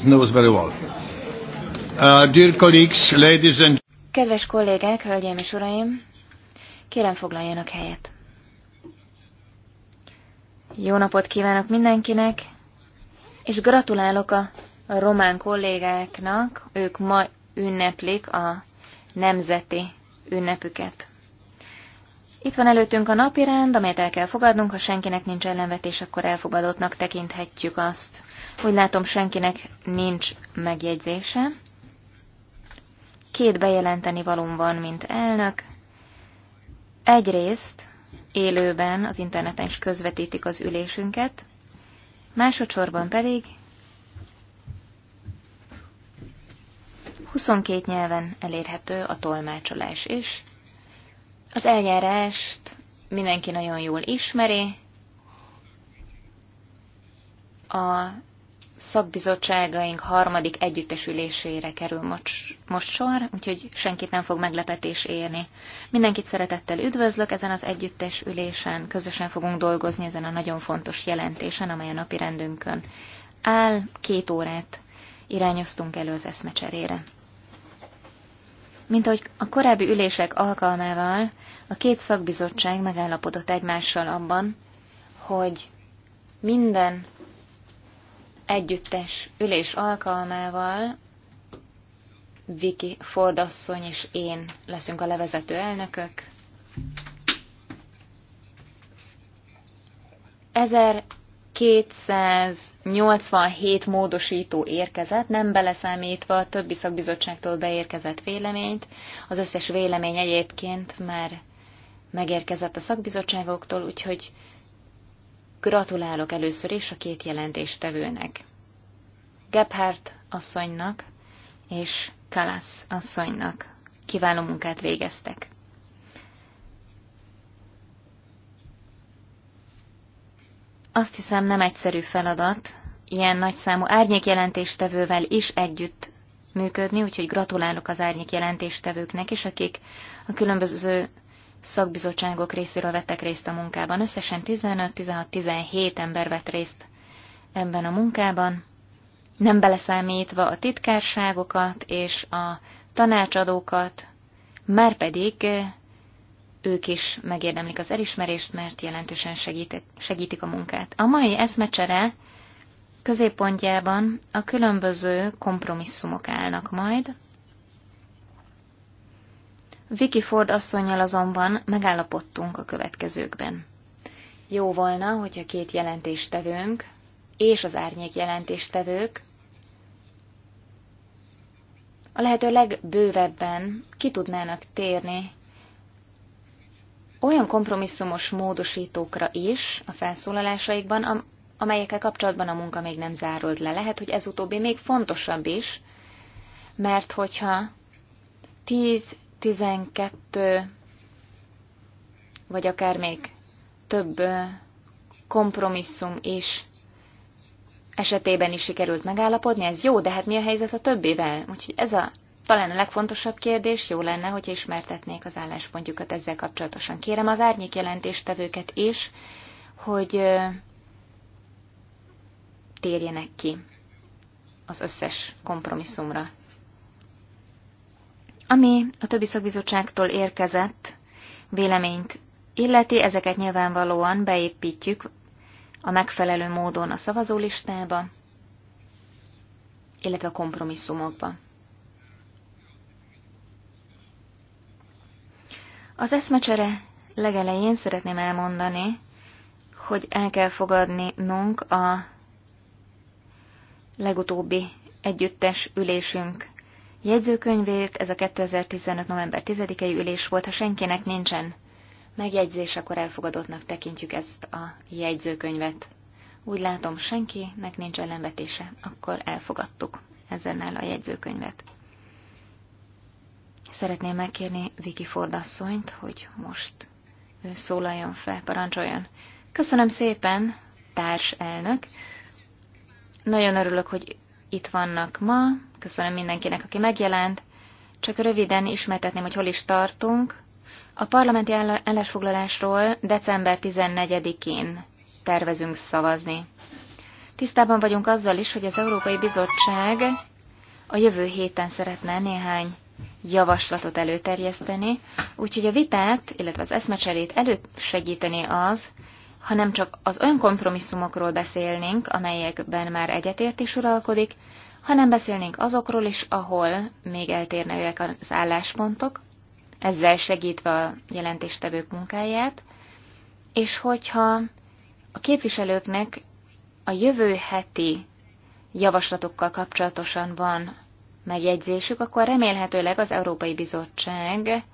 knows very well. Uh, dear colleagues, ladies and Kedves kollégák, hölgyeim és uraim, kérem foglaljanak helyet. Jó napot kívánok mindenkinek, és gratulálok a román kollégáknak, ők ma ünneplik a nemzeti ünnepüket. Itt van előttünk a napi rend, amelyet el kell fogadnunk, ha senkinek nincs ellenvetés, akkor elfogadottnak tekinthetjük azt. Úgy látom, senkinek nincs megjegyzése. Két bejelenteni valóm van, mint elnök. Egyrészt élőben az interneten is közvetítik az ülésünket, másodszorban pedig 22 nyelven elérhető a tolmácsolás is. Az eljárást mindenki nagyon jól ismeri. A szakbizottságaink harmadik együttesülésére kerül most, most sor, úgyhogy senkit nem fog meglepetés érni. Mindenkit szeretettel üdvözlök ezen az együttesülésen, közösen fogunk dolgozni ezen a nagyon fontos jelentésen, amely a napi rendünkön áll. Két órát irányoztunk elő az eszmecserére. Mint ahogy a korábbi ülések alkalmával, a két szakbizottság megállapodott egymással abban, hogy minden együttes ülés alkalmával Viki Fordasszony és én leszünk a levezető elnökök. 1000 287 módosító érkezett, nem beleszámítva a többi szakbizottságtól beérkezett véleményt. Az összes vélemény egyébként már megérkezett a szakbizottságoktól, úgyhogy gratulálok először is a két jelentéstevőnek. Gebhardt asszonynak és Kalasz asszonynak. Kiváló munkát végeztek. Azt hiszem nem egyszerű feladat ilyen nagyszámú árnyékjelentéstevővel is együtt működni, úgyhogy gratulálok az árnyékjelentéstevőknek is, akik a különböző szakbizottságok részéről vettek részt a munkában. Összesen 15-16-17 ember vett részt ebben a munkában, nem beleszámítva a titkárságokat és a tanácsadókat, már pedig ők is megérdemlik az elismerést, mert jelentősen segítik, segítik a munkát. A mai eszmecsere középpontjában a különböző kompromisszumok állnak majd. Vicky Ford asszonynal azonban megállapodtunk a következőkben. Jó volna, hogyha két jelentéstevőnk és az árnyék jelentéstevők a lehető legbővebben ki tudnának térni olyan kompromisszumos módosítókra is a felszólalásaikban, amelyekkel kapcsolatban a munka még nem zárult le. Lehet, hogy ez utóbbi még fontosabb is, mert hogyha 10-12 vagy akár még több kompromisszum is esetében is sikerült megállapodni, ez jó, de hát mi a helyzet a többivel? Úgyhogy ez a talán a legfontosabb kérdés, jó lenne, hogy ismertetnék az álláspontjukat ezzel kapcsolatosan. Kérem az árnyék jelentéstevőket is, hogy térjenek ki az összes kompromisszumra. Ami a többi szakbizottságtól érkezett véleményt illeti, ezeket nyilvánvalóan beépítjük a megfelelő módon a szavazólistába, illetve a kompromisszumokba. Az eszmecsere legelején szeretném elmondani, hogy el kell fogadnunk a legutóbbi együttes ülésünk jegyzőkönyvét, ez a 2015. november 10-i ülés volt, ha senkinek nincsen megjegyzés, akkor elfogadottnak tekintjük ezt a jegyzőkönyvet. Úgy látom, senkinek nincs ellenvetése, akkor elfogadtuk ezennel a jegyzőkönyvet. Szeretném megkérni Viki Ford asszonyt, hogy most ő szólaljon fel, parancsoljon. Köszönöm szépen, társ elnök. Nagyon örülök, hogy itt vannak ma. Köszönöm mindenkinek, aki megjelent. Csak röviden ismertetném, hogy hol is tartunk. A parlamenti állásfoglalásról december 14-én tervezünk szavazni. Tisztában vagyunk azzal is, hogy az Európai Bizottság a jövő héten szeretne néhány javaslatot előterjeszteni, úgyhogy a vitát, illetve az eszmecserét elősegíteni az, ha nem csak az olyan kompromisszumokról beszélnénk, amelyekben már egyetértés uralkodik, hanem beszélnénk azokról is, ahol még eltérnőek az álláspontok, ezzel segítve a jelentéstevők munkáját, és hogyha a képviselőknek a jövő heti javaslatokkal kapcsolatosan van megjegyzésük, akkor remélhetőleg az Európai Bizottság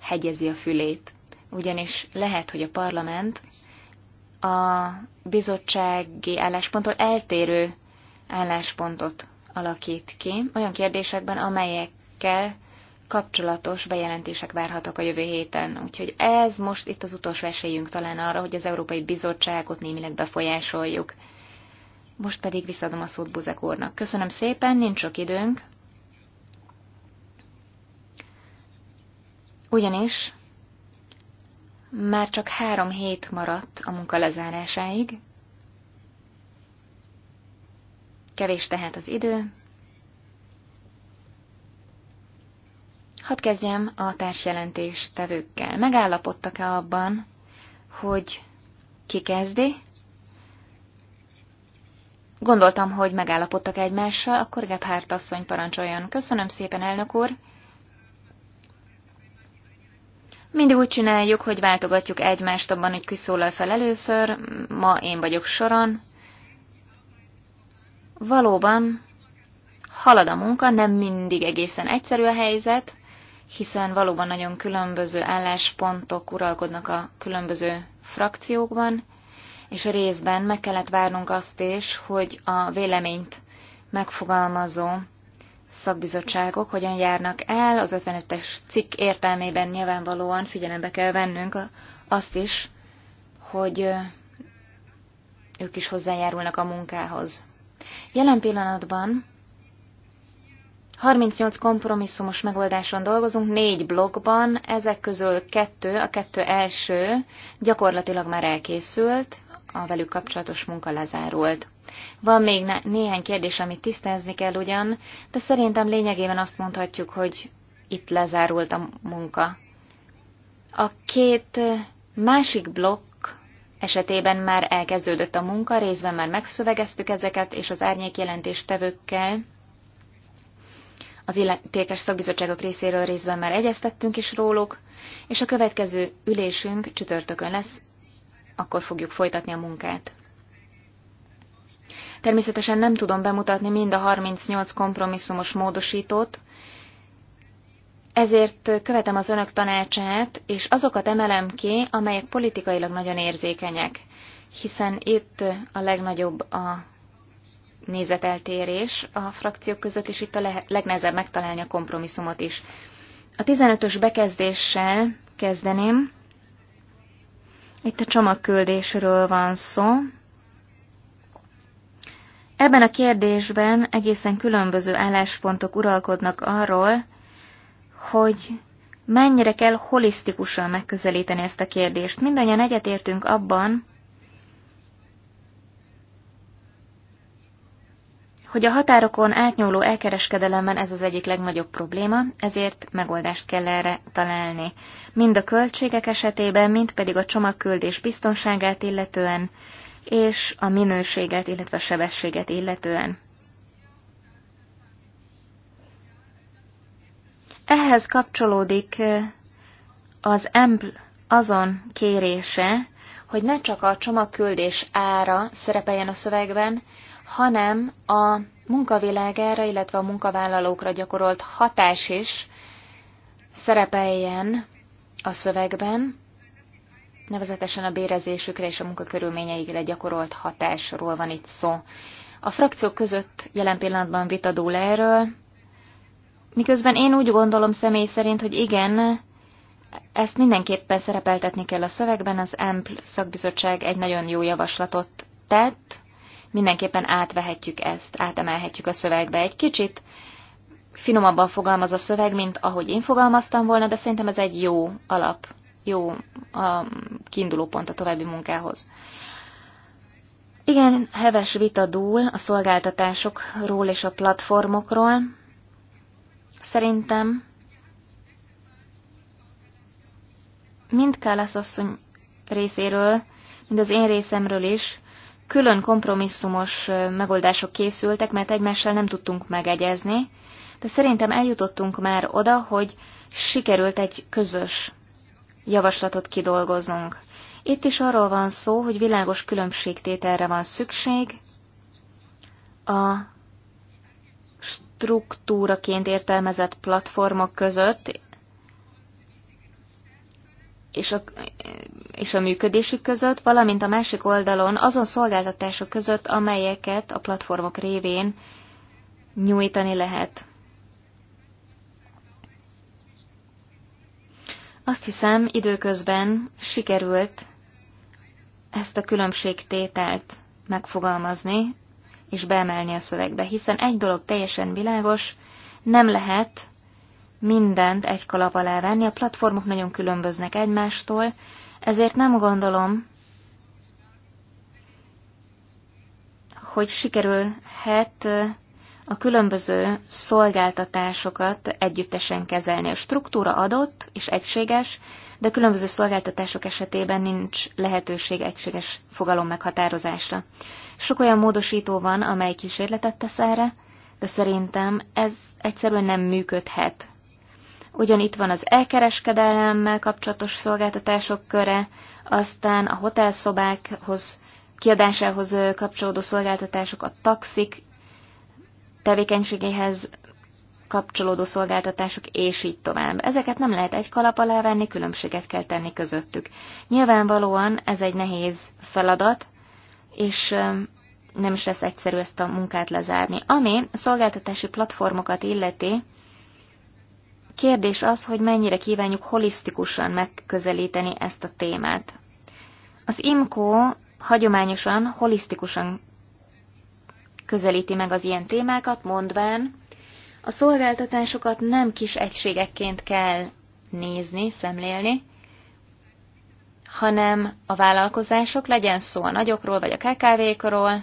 hegyezi a fülét. Ugyanis lehet, hogy a parlament a bizottsági állásponttól eltérő álláspontot alakít ki olyan kérdésekben, amelyekkel kapcsolatos bejelentések várhatók a jövő héten. Úgyhogy ez most itt az utolsó esélyünk talán arra, hogy az Európai Bizottságot némileg befolyásoljuk. Most pedig visszadom a szót Buzek úrnak. Köszönöm szépen, nincs sok időnk. Ugyanis már csak három hét maradt a munka lezárásáig. Kevés tehát az idő. Hadd kezdjem a társjelentés tevőkkel. Megállapodtak-e abban, hogy ki kezdi? Gondoltam, hogy megállapodtak egymással, akkor Gebhárt asszony parancsoljon. Köszönöm szépen, elnök úr! Mindig úgy csináljuk, hogy váltogatjuk egymást abban, hogy ki szólal fel először, ma én vagyok soron. Valóban halad a munka, nem mindig egészen egyszerű a helyzet, hiszen valóban nagyon különböző álláspontok uralkodnak a különböző frakciókban, és részben meg kellett várnunk azt is, hogy a véleményt megfogalmazó szakbizottságok hogyan járnak el. Az 55-es cikk értelmében nyilvánvalóan figyelembe kell vennünk azt is, hogy ők is hozzájárulnak a munkához. Jelen pillanatban 38 kompromisszumos megoldáson dolgozunk, négy blogban, ezek közül kettő, a kettő első gyakorlatilag már elkészült, a velük kapcsolatos munka lezárult. Van még néhány kérdés, amit tisztázni kell ugyan, de szerintem lényegében azt mondhatjuk, hogy itt lezárult a munka. A két másik blokk esetében már elkezdődött a munka, részben már megszövegeztük ezeket, és az árnyék jelentéstevőkkel az illetékes szakbizottságok részéről részben már egyeztettünk is róluk, és a következő ülésünk csütörtökön lesz, akkor fogjuk folytatni a munkát. Természetesen nem tudom bemutatni mind a 38 kompromisszumos módosítót, ezért követem az önök tanácsát, és azokat emelem ki, amelyek politikailag nagyon érzékenyek, hiszen itt a legnagyobb a nézeteltérés a frakciók között, és itt a legnehezebb megtalálni a kompromisszumot is. A 15-ös bekezdéssel kezdeném. Itt a csomagküldésről van szó. Ebben a kérdésben egészen különböző álláspontok uralkodnak arról, hogy mennyire kell holisztikusan megközelíteni ezt a kérdést. Mindannyian egyetértünk abban, hogy a határokon átnyúló elkereskedelemben ez az egyik legnagyobb probléma, ezért megoldást kell erre találni. Mind a költségek esetében, mind pedig a csomagküldés biztonságát illetően, és a minőséget, illetve a sebességet illetően. Ehhez kapcsolódik az EMPL azon kérése, hogy ne csak a csomagküldés ára szerepeljen a szövegben, hanem a munkavilágára, illetve a munkavállalókra gyakorolt hatás is szerepeljen a szövegben, nevezetesen a bérezésükre és a munkakörülményeikre gyakorolt hatásról van itt szó. A frakciók között jelen pillanatban vitadul erről, miközben én úgy gondolom személy szerint, hogy igen, ezt mindenképpen szerepeltetni kell a szövegben, az EMPL szakbizottság egy nagyon jó javaslatot tett, mindenképpen átvehetjük ezt, átemelhetjük a szövegbe. Egy kicsit finomabban fogalmaz a szöveg, mint ahogy én fogalmaztam volna, de szerintem ez egy jó alap, jó a kiinduló pont a további munkához. Igen, heves vita dúl a szolgáltatásokról és a platformokról. Szerintem mind Kálasz asszony részéről, mind az én részemről is külön kompromisszumos megoldások készültek, mert egymással nem tudtunk megegyezni, de szerintem eljutottunk már oda, hogy sikerült egy közös javaslatot kidolgoznunk. Itt is arról van szó, hogy világos különbségtételre van szükség, a struktúraként értelmezett platformok között, és a, és a működésük között, valamint a másik oldalon azon szolgáltatások között, amelyeket a platformok révén nyújtani lehet. Azt hiszem, időközben sikerült ezt a különbségtételt megfogalmazni és beemelni a szövegbe, hiszen egy dolog teljesen világos, nem lehet mindent egy kalap alá venni, a platformok nagyon különböznek egymástól, ezért nem gondolom, hogy sikerülhet a különböző szolgáltatásokat együttesen kezelni. A struktúra adott és egységes, de különböző szolgáltatások esetében nincs lehetőség egységes fogalom meghatározásra. Sok olyan módosító van, amely kísérletet tesz erre, de szerintem ez egyszerűen nem működhet. Ugyan itt van az elkereskedelemmel kapcsolatos szolgáltatások köre, aztán a hotelszobákhoz, kiadásához kapcsolódó szolgáltatások, a taxik tevékenységéhez kapcsolódó szolgáltatások, és így tovább. Ezeket nem lehet egy kalap alá venni, különbséget kell tenni közöttük. Nyilvánvalóan ez egy nehéz feladat, és nem is lesz egyszerű ezt a munkát lezárni. Ami a szolgáltatási platformokat illeti, Kérdés az, hogy mennyire kívánjuk holisztikusan megközelíteni ezt a témát. Az IMCO hagyományosan, holisztikusan közelíti meg az ilyen témákat, mondván, a szolgáltatásokat nem kis egységekként kell nézni, szemlélni, hanem a vállalkozások, legyen szó a nagyokról vagy a KKV-król,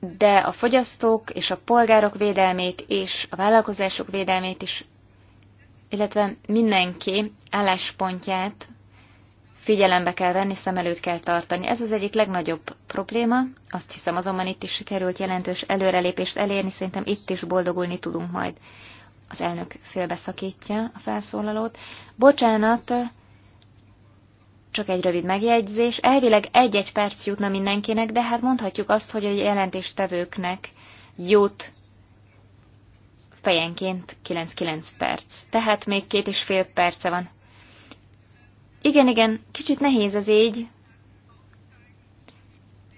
de a fogyasztók és a polgárok védelmét és a vállalkozások védelmét is, illetve mindenki álláspontját figyelembe kell venni, szem előtt kell tartani. Ez az egyik legnagyobb probléma, azt hiszem azonban itt is sikerült jelentős előrelépést elérni, szerintem itt is boldogulni tudunk majd. Az elnök félbeszakítja a felszólalót. Bocsánat, csak egy rövid megjegyzés. Elvileg egy-egy perc jutna mindenkinek, de hát mondhatjuk azt, hogy a jelentéstevőknek jut fejenként 9-9 perc. Tehát még két és fél perce van. Igen, igen, kicsit nehéz ez így.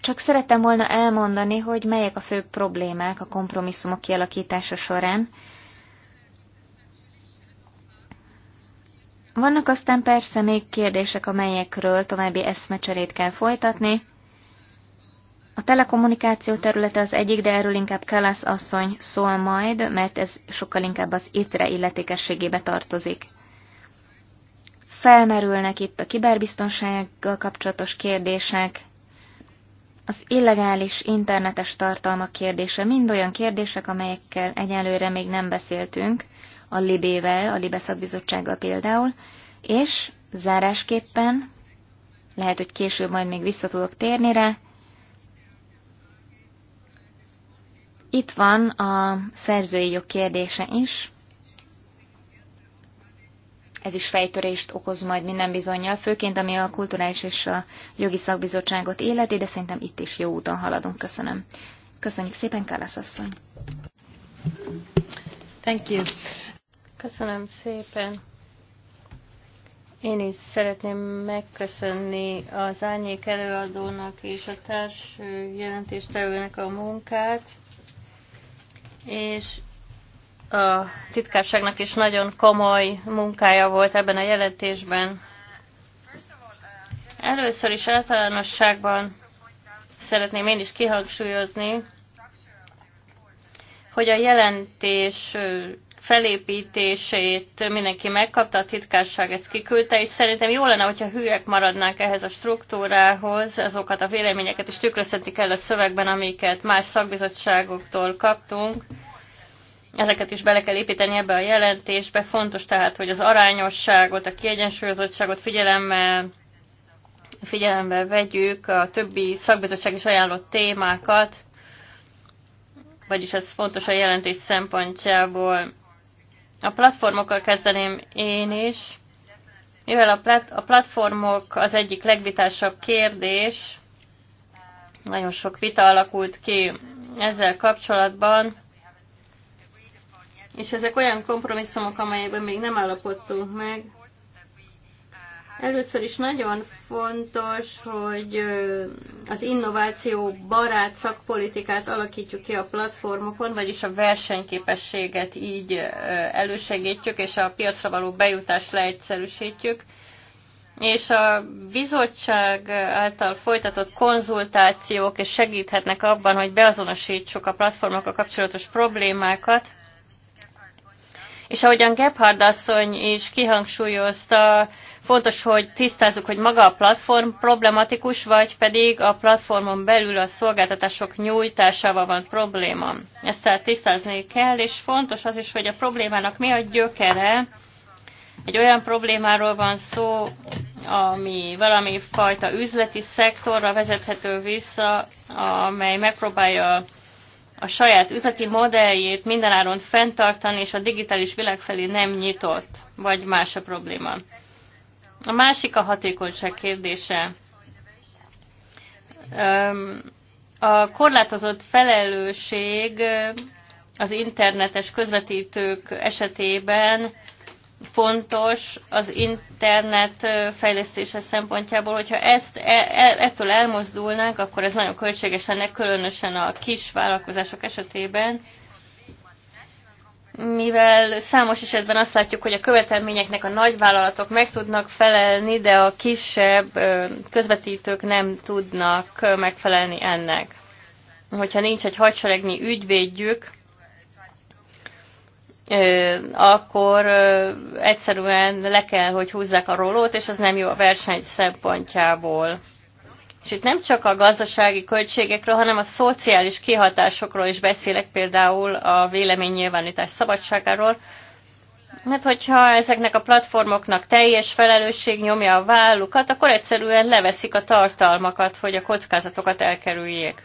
Csak szerettem volna elmondani, hogy melyek a fő problémák a kompromisszumok kialakítása során, Vannak aztán persze még kérdések, amelyekről további eszmecserét kell folytatni. A telekommunikáció területe az egyik, de erről inkább Kalasz asszony szól majd, mert ez sokkal inkább az étre illetékességébe tartozik. Felmerülnek itt a kiberbiztonsággal kapcsolatos kérdések, az illegális internetes tartalmak kérdése, mind olyan kérdések, amelyekkel egyelőre még nem beszéltünk, a Libével, a Libe szakbizottsággal például, és zárásképpen, lehet, hogy később majd még vissza tudok térni rá, itt van a szerzői jog kérdése is. Ez is fejtörést okoz majd minden bizonyal, főként ami a kulturális és a jogi szakbizottságot életi, de szerintem itt is jó úton haladunk. Köszönöm. Köszönjük szépen, Kálasz asszony! Thank you. Köszönöm szépen. Én is szeretném megköszönni az árnyék előadónak és a társ jelentéstevőnek a munkát, és a titkárságnak is nagyon komoly munkája volt ebben a jelentésben. Először is általánosságban szeretném én is kihangsúlyozni, hogy a jelentés felépítését mindenki megkapta, a titkárság ezt kiküldte, és szerintem jó lenne, hogyha hülyek maradnánk ehhez a struktúrához, azokat a véleményeket is tükröztetik el a szövegben, amiket más szakbizottságoktól kaptunk. Ezeket is bele kell építeni ebbe a jelentésbe. Fontos tehát, hogy az arányosságot, a kiegyensúlyozottságot figyelemmel figyelembe vegyük a többi szakbizottság is ajánlott témákat, vagyis ez fontos a jelentés szempontjából. A platformokkal kezdeném én is, mivel a, plat, a platformok az egyik legvitásabb kérdés, nagyon sok vita alakult ki ezzel kapcsolatban, és ezek olyan kompromisszumok, amelyekben még nem állapodtunk meg, Először is nagyon fontos, hogy az innováció barát szakpolitikát alakítjuk ki a platformokon, vagyis a versenyképességet így elősegítjük, és a piacra való bejutást leegyszerűsítjük. És a bizottság által folytatott konzultációk és segíthetnek abban, hogy beazonosítsuk a platformokkal kapcsolatos problémákat, és ahogyan Gebhard asszony is kihangsúlyozta, Fontos, hogy tisztázzuk, hogy maga a platform problematikus, vagy pedig a platformon belül a szolgáltatások nyújtásával van probléma. Ezt tehát tisztázni kell, és fontos az is, hogy a problémának mi a gyökere. Egy olyan problémáról van szó, ami valami fajta üzleti szektorra vezethető vissza, amely megpróbálja a saját üzleti modelljét mindenáron fenntartani, és a digitális világ felé nem nyitott, vagy más a probléma. A másik a hatékonyság kérdése. A korlátozott felelősség az internetes közvetítők esetében fontos az internet fejlesztése szempontjából, hogyha ezt e, e, ettől elmozdulnánk, akkor ez nagyon költséges lenne, különösen a kis vállalkozások esetében, mivel számos esetben azt látjuk, hogy a követelményeknek a nagyvállalatok meg tudnak felelni, de a kisebb közvetítők nem tudnak megfelelni ennek. Hogyha nincs egy hadseregnyi ügyvédjük, akkor egyszerűen le kell, hogy húzzák a rolót, és az nem jó a verseny szempontjából és itt nem csak a gazdasági költségekről, hanem a szociális kihatásokról is beszélek, például a véleménynyilvánítás szabadságáról, mert hogyha ezeknek a platformoknak teljes felelősség nyomja a vállukat, akkor egyszerűen leveszik a tartalmakat, hogy a kockázatokat elkerüljék.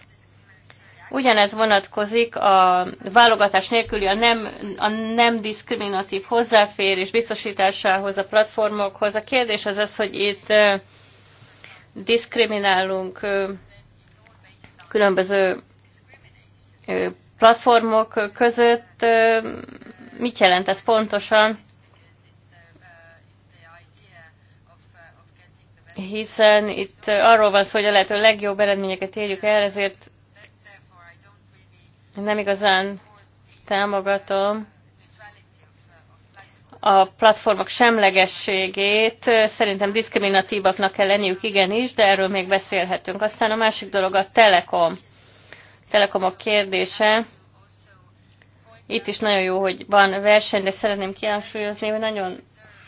Ugyanez vonatkozik a válogatás nélküli, a nem, a nem diszkriminatív hozzáférés biztosításához, a platformokhoz. A kérdés az az, hogy itt eh, diszkriminálunk különböző platformok között. Mit jelent ez pontosan? Hiszen itt arról van szó, hogy a lehető legjobb eredményeket érjük el, ezért nem igazán támogatom a platformok semlegességét szerintem diszkriminatívaknak kell lenniük igenis, de erről még beszélhetünk. Aztán a másik dolog a Telekom. Telekomok kérdése. Itt is nagyon jó, hogy van verseny, de szeretném kihangsúlyozni, hogy nagyon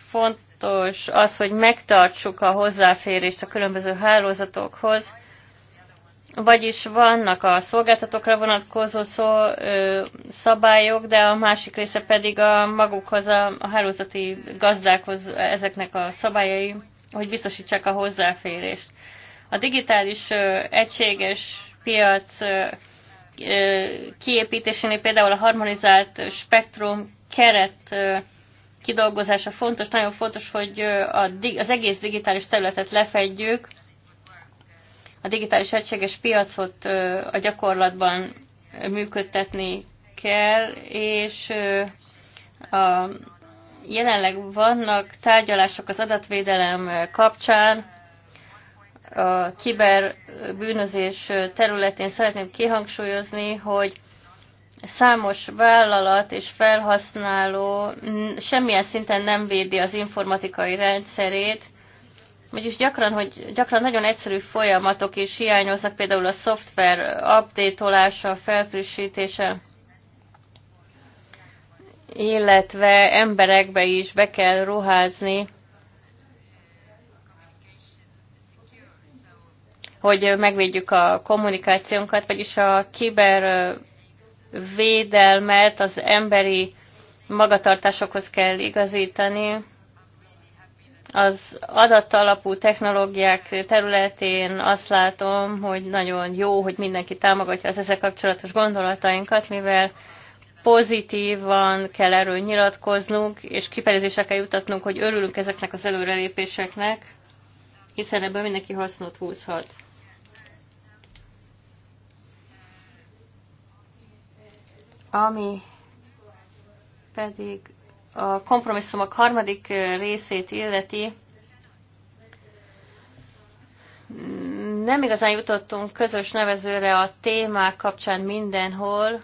fontos az, hogy megtartsuk a hozzáférést a különböző hálózatokhoz vagyis vannak a szolgáltatókra vonatkozó szó, ö, szabályok, de a másik része pedig a magukhoz, a, a hálózati gazdákhoz ezeknek a szabályai, hogy biztosítsák a hozzáférést. A digitális ö, egységes piac ö, kiépítésénél például a harmonizált spektrum keret ö, kidolgozása fontos, nagyon fontos, hogy a, az egész digitális területet lefedjük, a digitális egységes piacot a gyakorlatban működtetni kell, és a, jelenleg vannak tárgyalások az adatvédelem kapcsán, a kiberbűnözés területén szeretném kihangsúlyozni, hogy számos vállalat és felhasználó semmilyen szinten nem védi az informatikai rendszerét, vagyis gyakran, hogy gyakran nagyon egyszerű folyamatok is hiányoznak, például a szoftver update-olása, felfrissítése, illetve emberekbe is be kell ruházni, hogy megvédjük a kommunikációnkat, vagyis a kiber védelmet az emberi magatartásokhoz kell igazítani az adatalapú technológiák területén azt látom, hogy nagyon jó, hogy mindenki támogatja az ezzel kapcsolatos gondolatainkat, mivel pozitívan kell erről nyilatkoznunk, és kifejezésre kell jutatnunk, hogy örülünk ezeknek az előrelépéseknek, hiszen ebből mindenki hasznot húzhat. Ami pedig a kompromisszumok harmadik részét illeti, nem igazán jutottunk közös nevezőre a témák kapcsán mindenhol,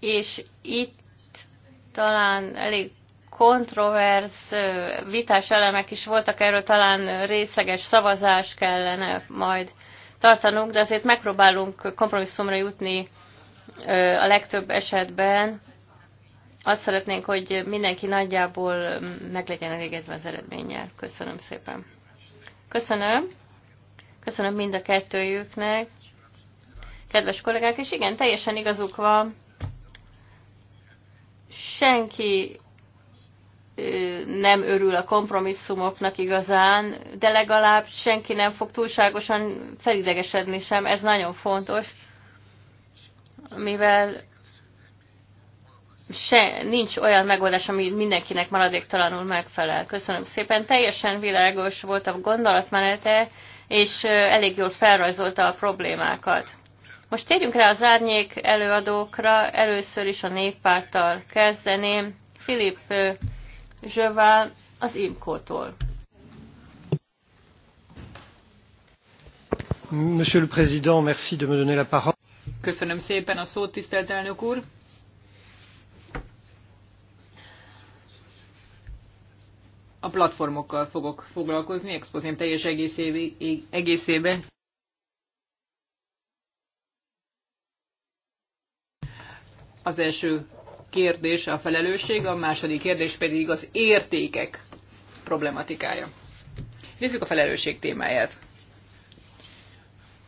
és itt talán elég kontroverz vitás elemek is voltak, erről talán részleges szavazás kellene majd tartanunk, de azért megpróbálunk kompromisszumra jutni a legtöbb esetben, azt szeretnénk, hogy mindenki nagyjából meg legyen elégedve az eredménnyel. Köszönöm szépen. Köszönöm. Köszönöm mind a kettőjüknek. Kedves kollégák, és igen, teljesen igazuk van. Senki nem örül a kompromisszumoknak igazán, de legalább senki nem fog túlságosan felidegesedni sem, ez nagyon fontos, mivel se, nincs olyan megoldás, ami mindenkinek maradéktalanul megfelel. Köszönöm szépen. Teljesen világos volt a gondolatmenete, és elég jól felrajzolta a problémákat. Most térjünk rá az árnyék előadókra. Először is a néppárttal kezdeném. Filip Zsöván az Imkótól. Monsieur le Président, merci de me donner la parole. Köszönöm szépen a szót, tisztelt elnök úr. a platformokkal fogok foglalkozni, expozém teljes egészében. Az első kérdés a felelősség, a második kérdés pedig az értékek problematikája. Nézzük a felelősség témáját.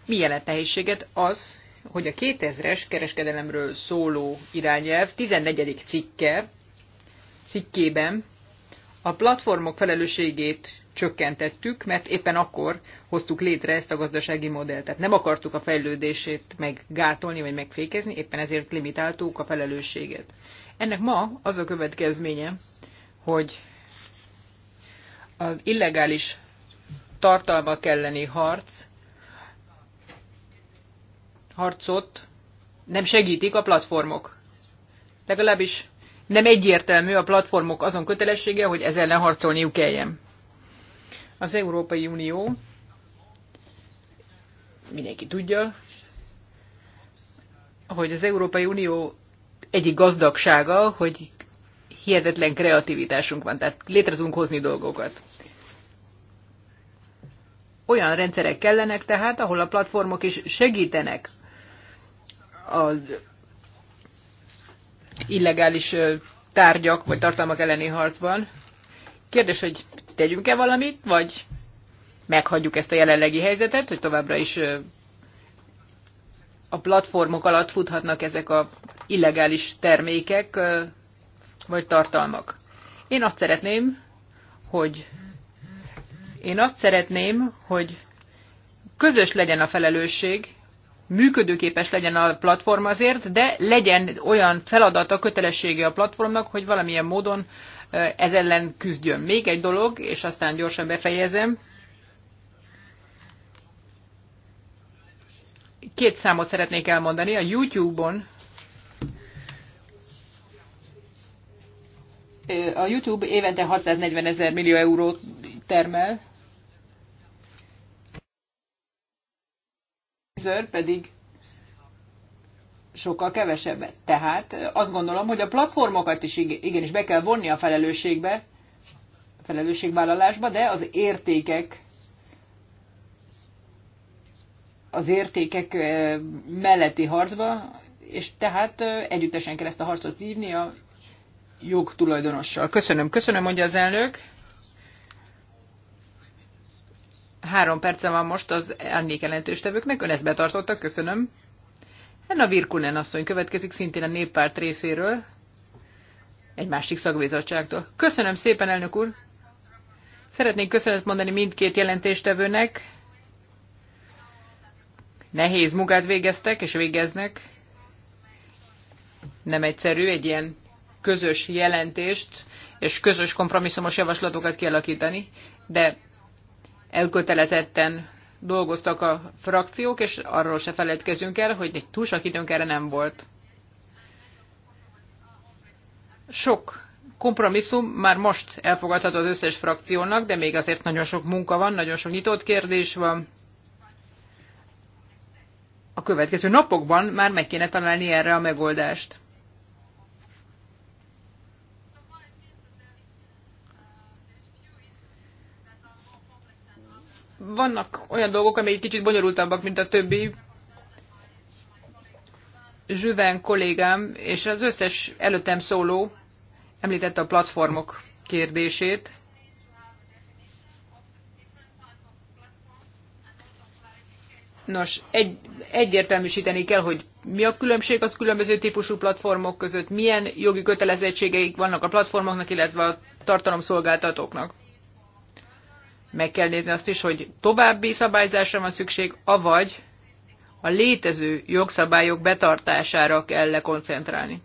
Mi jelent nehézséget az, hogy a 2000-es kereskedelemről szóló irányelv 14. cikke, cikkében a platformok felelősségét csökkentettük, mert éppen akkor hoztuk létre ezt a gazdasági modellt. Tehát nem akartuk a fejlődését meggátolni vagy megfékezni, éppen ezért limitáltuk a felelősséget. Ennek ma az a következménye, hogy az illegális tartalma elleni harc, harcot nem segítik a platformok. Legalábbis nem egyértelmű a platformok azon kötelessége, hogy ezzel ellen harcolniuk kelljen. Az Európai Unió, mindenki tudja, hogy az Európai Unió egyik gazdagsága, hogy hihetetlen kreativitásunk van, tehát létre tudunk hozni dolgokat. Olyan rendszerek kellenek tehát, ahol a platformok is segítenek az illegális tárgyak vagy tartalmak elleni harcban. Kérdés, hogy tegyünk-e valamit, vagy meghagyjuk ezt a jelenlegi helyzetet, hogy továbbra is a platformok alatt futhatnak ezek a illegális termékek vagy tartalmak. Én azt szeretném, hogy én azt szeretném, hogy közös legyen a felelősség, működőképes legyen a platform azért, de legyen olyan feladata, kötelessége a platformnak, hogy valamilyen módon eh, ez ellen küzdjön. Még egy dolog, és aztán gyorsan befejezem. Két számot szeretnék elmondani. A YouTube-on eh, a YouTube évente 640 ezer millió eurót termel, Zör pedig sokkal kevesebbet. Tehát azt gondolom, hogy a platformokat is igenis be kell vonni a felelősségbe, a felelősségvállalásba, de az értékek az értékek melletti harcba, és tehát együttesen kell ezt a harcot vívni a jogtulajdonossal. Köszönöm, köszönöm, mondja az elnök. Három perce van most az árnyék jelentőstevőknek, ön ezt betartotta, köszönöm. Enna Virkunen asszony következik szintén a néppárt részéről, egy másik szakbizottságtól. Köszönöm szépen, elnök úr! Szeretnék köszönet mondani mindkét jelentéstevőnek. Nehéz munkát végeztek és végeznek. Nem egyszerű egy ilyen közös jelentést és közös kompromisszumos javaslatokat kialakítani, de elkötelezetten dolgoztak a frakciók, és arról se feledkezünk el, hogy egy túl sok időnk erre nem volt. Sok kompromisszum már most elfogadható az összes frakciónak, de még azért nagyon sok munka van, nagyon sok nyitott kérdés van. A következő napokban már meg kéne találni erre a megoldást. vannak olyan dolgok, amelyek kicsit bonyolultabbak, mint a többi. Zsüven kollégám és az összes előttem szóló említette a platformok kérdését. Nos, egy, egyértelműsíteni kell, hogy mi a különbség a különböző típusú platformok között, milyen jogi kötelezettségeik vannak a platformoknak, illetve a tartalomszolgáltatóknak meg kell nézni azt is, hogy további szabályzásra van szükség, avagy a létező jogszabályok betartására kell lekoncentrálni.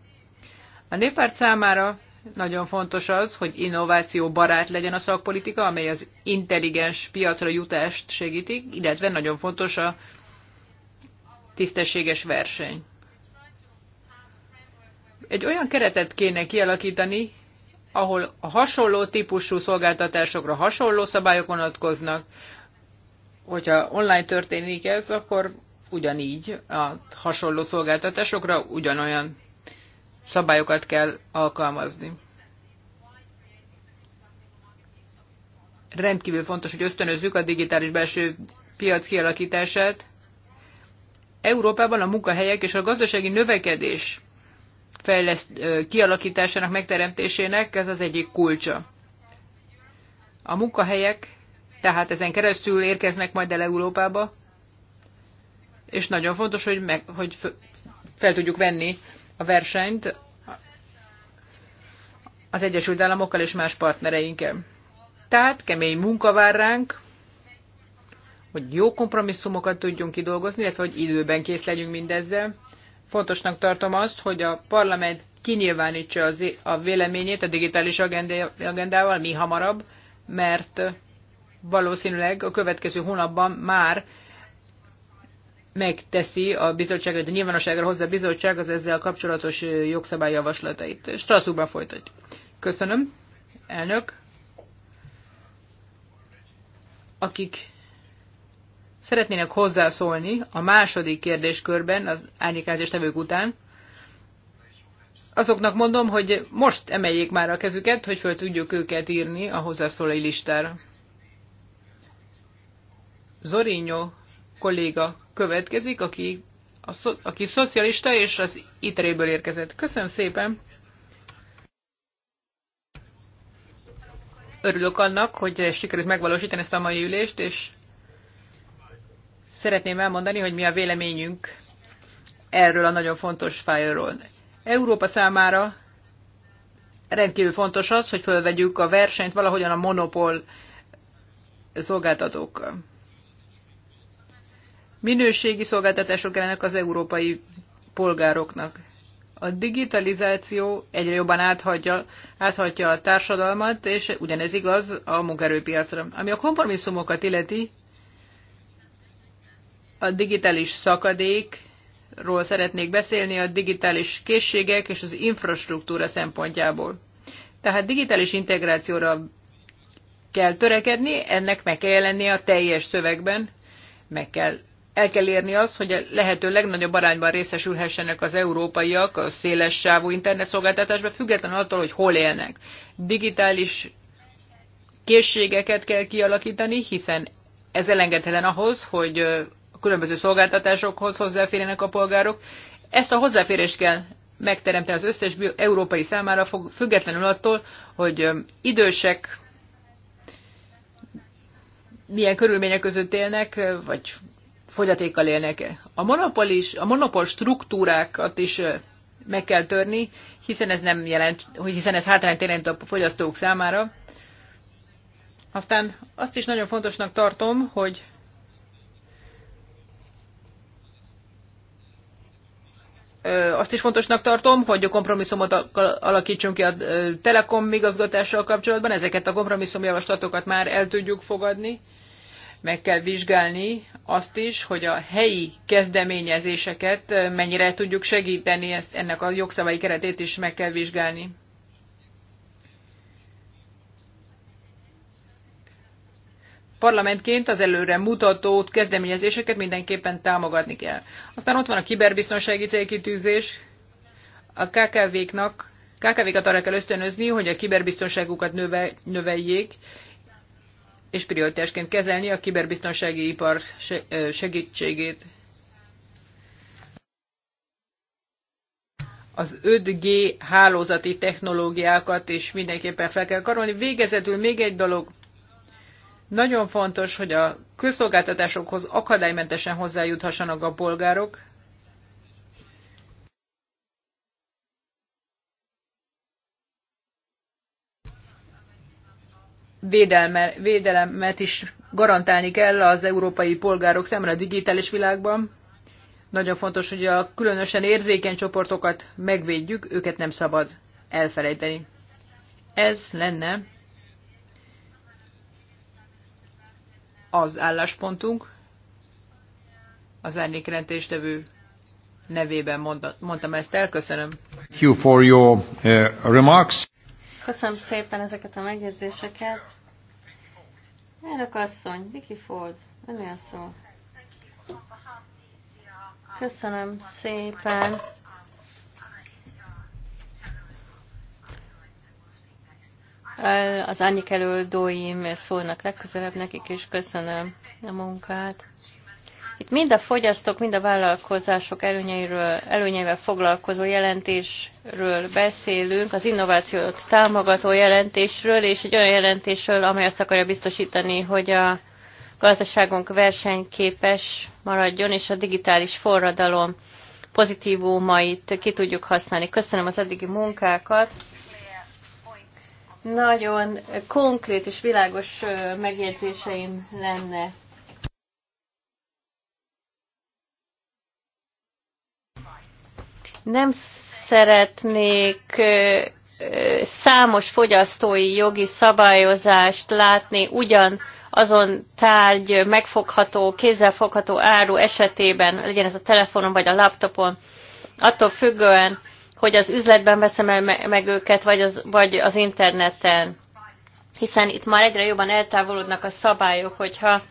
A néppárt számára nagyon fontos az, hogy innováció barát legyen a szakpolitika, amely az intelligens piacra jutást segíti, illetve nagyon fontos a tisztességes verseny. Egy olyan keretet kéne kialakítani, ahol a hasonló típusú szolgáltatásokra hasonló szabályok vonatkoznak. Hogyha online történik ez, akkor ugyanígy a hasonló szolgáltatásokra ugyanolyan szabályokat kell alkalmazni. Rendkívül fontos, hogy ösztönözzük a digitális belső piac kialakítását. Európában a munkahelyek és a gazdasági növekedés fejleszt, kialakításának, megteremtésének, ez az egyik kulcsa. A munkahelyek tehát ezen keresztül érkeznek majd el Európába, és nagyon fontos, hogy, meg, hogy fel tudjuk venni a versenyt az Egyesült Államokkal és más partnereinkkel. Tehát kemény munka vár ránk, hogy jó kompromisszumokat tudjunk kidolgozni, illetve hogy időben kész legyünk mindezzel. Fontosnak tartom azt, hogy a parlament kinyilvánítsa az, a véleményét a digitális agendával mi hamarabb, mert valószínűleg a következő hónapban már megteszi a bizottságra, de nyilvánosságra hozza a bizottság az ezzel kapcsolatos jogszabályjavaslatait. Strasbourgban folytatjuk. Köszönöm, elnök. Akik szeretnének hozzászólni a második kérdéskörben, az árnyékázás tevők után, azoknak mondom, hogy most emeljék már a kezüket, hogy föl tudjuk őket írni a hozzászólói listára. Zorinyó kolléga következik, aki, a szo, aki szocialista és az ITRE-ből érkezett. Köszönöm szépen! Örülök annak, hogy sikerült megvalósítani ezt a mai ülést, és szeretném elmondani, hogy mi a véleményünk erről a nagyon fontos fájról. Európa számára rendkívül fontos az, hogy fölvegyük a versenyt valahogyan a monopól szolgáltatók. Minőségi szolgáltatások ellenek az európai polgároknak. A digitalizáció egyre jobban áthatja, áthatja a társadalmat, és ugyanez igaz a munkaerőpiacra. Ami a kompromisszumokat illeti, a digitális szakadékról szeretnék beszélni a digitális készségek és az infrastruktúra szempontjából. Tehát digitális integrációra kell törekedni, ennek meg kell lennie a teljes szövegben, meg kell el kell érni azt, hogy a lehető legnagyobb arányban részesülhessenek az európaiak a széles sávú internetszolgáltatásban, függetlenül attól, hogy hol élnek. Digitális készségeket kell kialakítani, hiszen ez elengedhetetlen ahhoz, hogy a különböző szolgáltatásokhoz hozzáférjenek a polgárok. Ezt a hozzáférést kell megteremteni az összes európai számára, függetlenül attól, hogy idősek milyen körülmények között élnek, vagy fogyatékkal élnek. A monopolis a monopol struktúrákat is meg kell törni, hiszen ez nem jelent, hogy hiszen ez hátrányt jelent a fogyasztók számára. Aztán azt is nagyon fontosnak tartom, hogy azt is fontosnak tartom, hogy a kompromisszumot alakítsunk ki a Telekom igazgatással kapcsolatban. Ezeket a kompromisszumjavaslatokat már el tudjuk fogadni. Meg kell vizsgálni azt is, hogy a helyi kezdeményezéseket mennyire tudjuk segíteni, ennek a jogszabályi keretét is meg kell vizsgálni. parlamentként az előre mutató kezdeményezéseket mindenképpen támogatni kell. Aztán ott van a kiberbiztonsági célkitűzés. A KKV-knak, KKV-kat arra kell ösztönözni, hogy a kiberbiztonságukat növe, növeljék, és prioritásként kezelni a kiberbiztonsági ipar segítségét. az 5G hálózati technológiákat is mindenképpen fel kell karolni. Végezetül még egy dolog, nagyon fontos, hogy a közszolgáltatásokhoz akadálymentesen hozzájuthassanak a polgárok. Védelme, védelemet is garantálni kell az európai polgárok szemre a digitális világban. Nagyon fontos, hogy a különösen érzékeny csoportokat megvédjük, őket nem szabad elfelejteni. Ez lenne az álláspontunk. Az rendtéstevő nevében mondta, mondtam ezt el. Köszönöm. Thank you for your, uh, remarks. Köszönöm szépen ezeket a megjegyzéseket. Elnök asszony, Vicky Ford, önél szó. Köszönöm szépen. Az Annyik dóim szólnak legközelebb nekik, és köszönöm a munkát. Itt mind a fogyasztók, mind a vállalkozások előnyeiről, előnyeivel foglalkozó jelentésről beszélünk, az innovációt támogató jelentésről, és egy olyan jelentésről, amely azt akarja biztosítani, hogy a gazdaságunk versenyképes maradjon, és a digitális forradalom pozitívumait ki tudjuk használni. Köszönöm az eddigi munkákat. Nagyon konkrét és világos megjegyzéseim lenne nem szeretnék számos fogyasztói jogi szabályozást látni ugyan azon tárgy megfogható, kézzelfogható áru esetében, legyen ez a telefonon vagy a laptopon, attól függően, hogy az üzletben veszem el meg őket, vagy az, vagy az interneten. Hiszen itt már egyre jobban eltávolodnak a szabályok, hogyha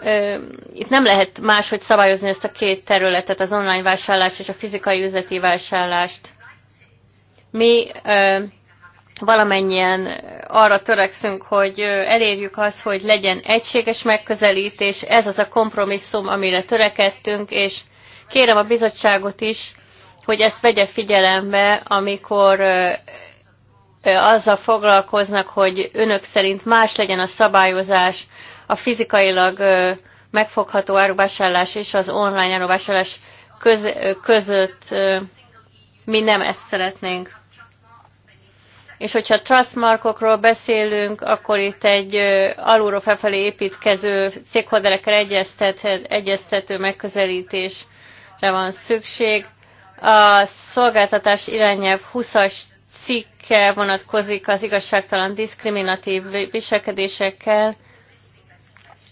ö, itt nem lehet máshogy szabályozni ezt a két területet, az online vásárlást és a fizikai üzleti vásárlást. Mi ö, valamennyien arra törekszünk, hogy elérjük azt, hogy legyen egységes megközelítés, ez az a kompromisszum, amire törekedtünk, és kérem a bizottságot is, hogy ezt vegye figyelembe, amikor azzal foglalkoznak, hogy önök szerint más legyen a szabályozás, a fizikailag megfogható áruvásárlás és az online áruvásárlás köz, között mi nem ezt szeretnénk. És hogyha trustmarkokról beszélünk, akkor itt egy alulról felfelé építkező stakeholderekkel egyeztető megközelítésre van szükség a szolgáltatás irányelv 20-as cikke vonatkozik az igazságtalan diszkriminatív viselkedésekkel,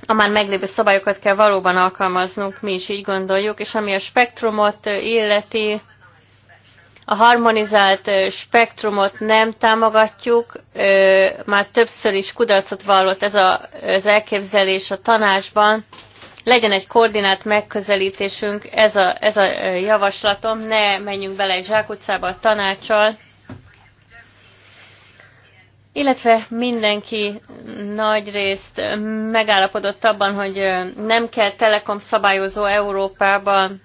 a már meglévő szabályokat kell valóban alkalmaznunk, mi is így gondoljuk, és ami a spektrumot illeti, a harmonizált spektrumot nem támogatjuk, már többször is kudarcot vallott ez az elképzelés a tanácsban, legyen egy koordinált megközelítésünk, ez a, ez a javaslatom, ne menjünk bele egy zsákutcába a tanácsal, illetve mindenki nagy részt megállapodott abban, hogy nem kell telekom szabályozó Európában,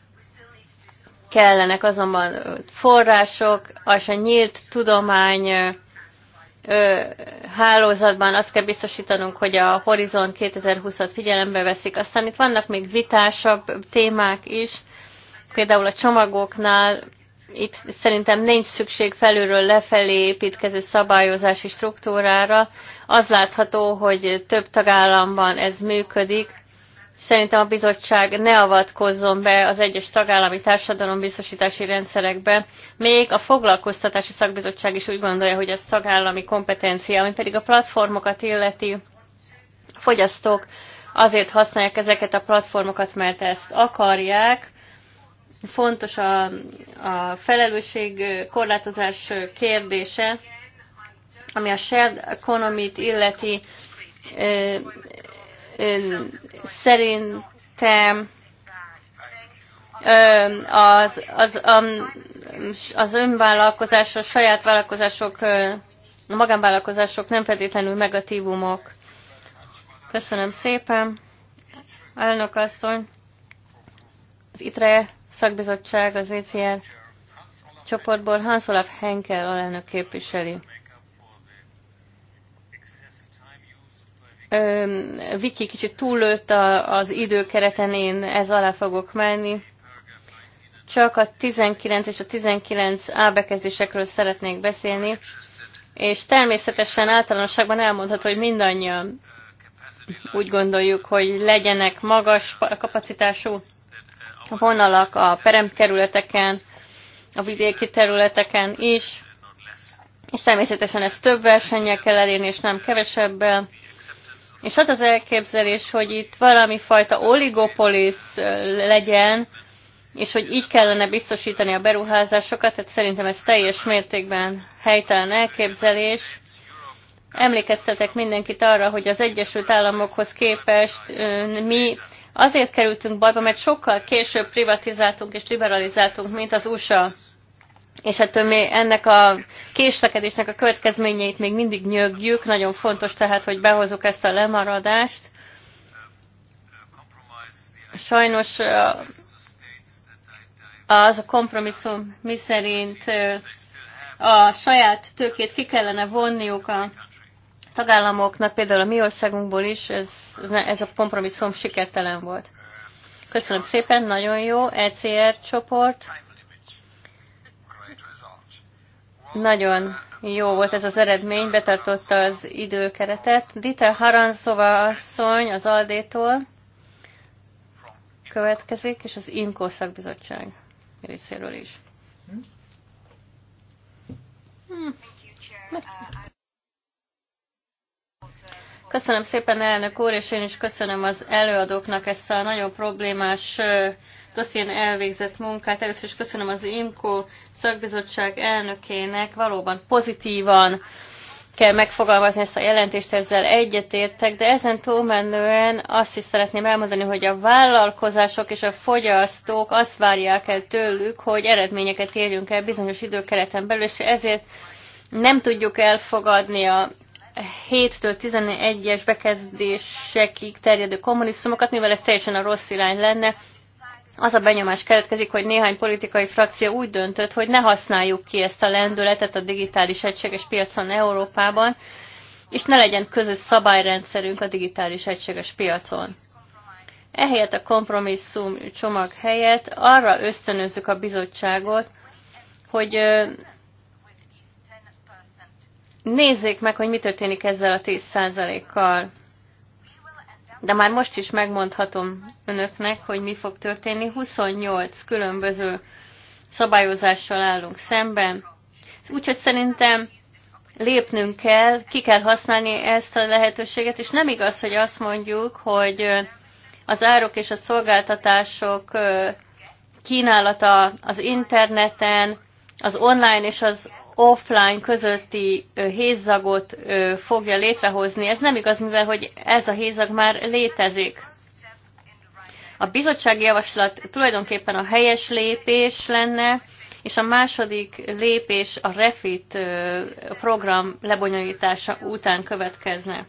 kellenek azonban források, és a nyílt tudomány hálózatban azt kell biztosítanunk, hogy a Horizon 2020-at figyelembe veszik. Aztán itt vannak még vitásabb témák is, például a csomagoknál itt szerintem nincs szükség felülről lefelé építkező szabályozási struktúrára. Az látható, hogy több tagállamban ez működik, Szerintem a bizottság ne avatkozzon be az egyes tagállami biztosítási rendszerekbe. Még a foglalkoztatási szakbizottság is úgy gondolja, hogy ez tagállami kompetencia, ami pedig a platformokat illeti fogyasztók azért használják ezeket a platformokat, mert ezt akarják. Fontos a, a felelősség korlátozás kérdése, ami a shared economy illeti szerintem az, az, az önvállalkozások, saját vállalkozások, a magánvállalkozások nem feltétlenül negatívumok. Köszönöm szépen. Elnök asszony, az ITRE szakbizottság, az ECR csoportból Hans Olaf Henkel alelnök képviseli. Viki kicsit túllőtt az időkereten, én ez alá fogok menni. Csak a 19 és a 19A bekezdésekről szeretnék beszélni, és természetesen általánosságban elmondható, hogy mindannyian úgy gondoljuk, hogy legyenek magas kapacitású vonalak a peremkerületeken, a vidéki területeken is, és természetesen ez több versennyel kell elérni, és nem kevesebbel. És hát az elképzelés, hogy itt valami fajta oligopolis legyen, és hogy így kellene biztosítani a beruházásokat, tehát szerintem ez teljes mértékben helytelen elképzelés. Emlékeztetek mindenkit arra, hogy az Egyesült Államokhoz képest mi azért kerültünk bajba, mert sokkal később privatizáltunk és liberalizáltunk, mint az USA és hát mi ennek a késlekedésnek a következményeit még mindig nyögjük. Nagyon fontos tehát, hogy behozok ezt a lemaradást. Sajnos az a kompromisszum, szerint a saját tőkét ki kellene vonniuk a tagállamoknak, például a mi országunkból is, ez, ez a kompromisszum sikertelen volt. Köszönöm szépen, nagyon jó. ECR csoport. Nagyon jó volt ez az eredmény, betartotta az időkeretet. Dita Haranszova asszony az Aldétól következik, és az IMKO szakbizottság részéről is. Hmm. Köszönöm szépen, elnök úr, és én is köszönöm az előadóknak ezt a nagyon problémás az ilyen elvégzett munkát. Először is köszönöm az IMCO szakbizottság elnökének, valóban pozitívan kell megfogalmazni ezt a jelentést, ezzel egyetértek, de ezen túlmenően azt is szeretném elmondani, hogy a vállalkozások és a fogyasztók azt várják el tőlük, hogy eredményeket érjünk el bizonyos időkereten belül, és ezért nem tudjuk elfogadni a 7-től 11-es bekezdésekig terjedő kommunizmusokat, mivel ez teljesen a rossz irány lenne, az a benyomás keletkezik, hogy néhány politikai frakció úgy döntött, hogy ne használjuk ki ezt a lendületet a digitális egységes piacon Európában, és ne legyen közös szabályrendszerünk a digitális egységes piacon. Ehelyett a kompromisszum csomag helyett arra ösztönözzük a bizottságot, hogy nézzék meg, hogy mi történik ezzel a 10%-kal de már most is megmondhatom önöknek, hogy mi fog történni. 28 különböző szabályozással állunk szemben, úgyhogy szerintem lépnünk kell, ki kell használni ezt a lehetőséget, és nem igaz, hogy azt mondjuk, hogy az árok és a szolgáltatások kínálata az interneten, az online és az offline közötti hézagot fogja létrehozni. Ez nem igaz, mivel hogy ez a hézag már létezik. A bizottsági javaslat tulajdonképpen a helyes lépés lenne, és a második lépés a REFIT program lebonyolítása után következne.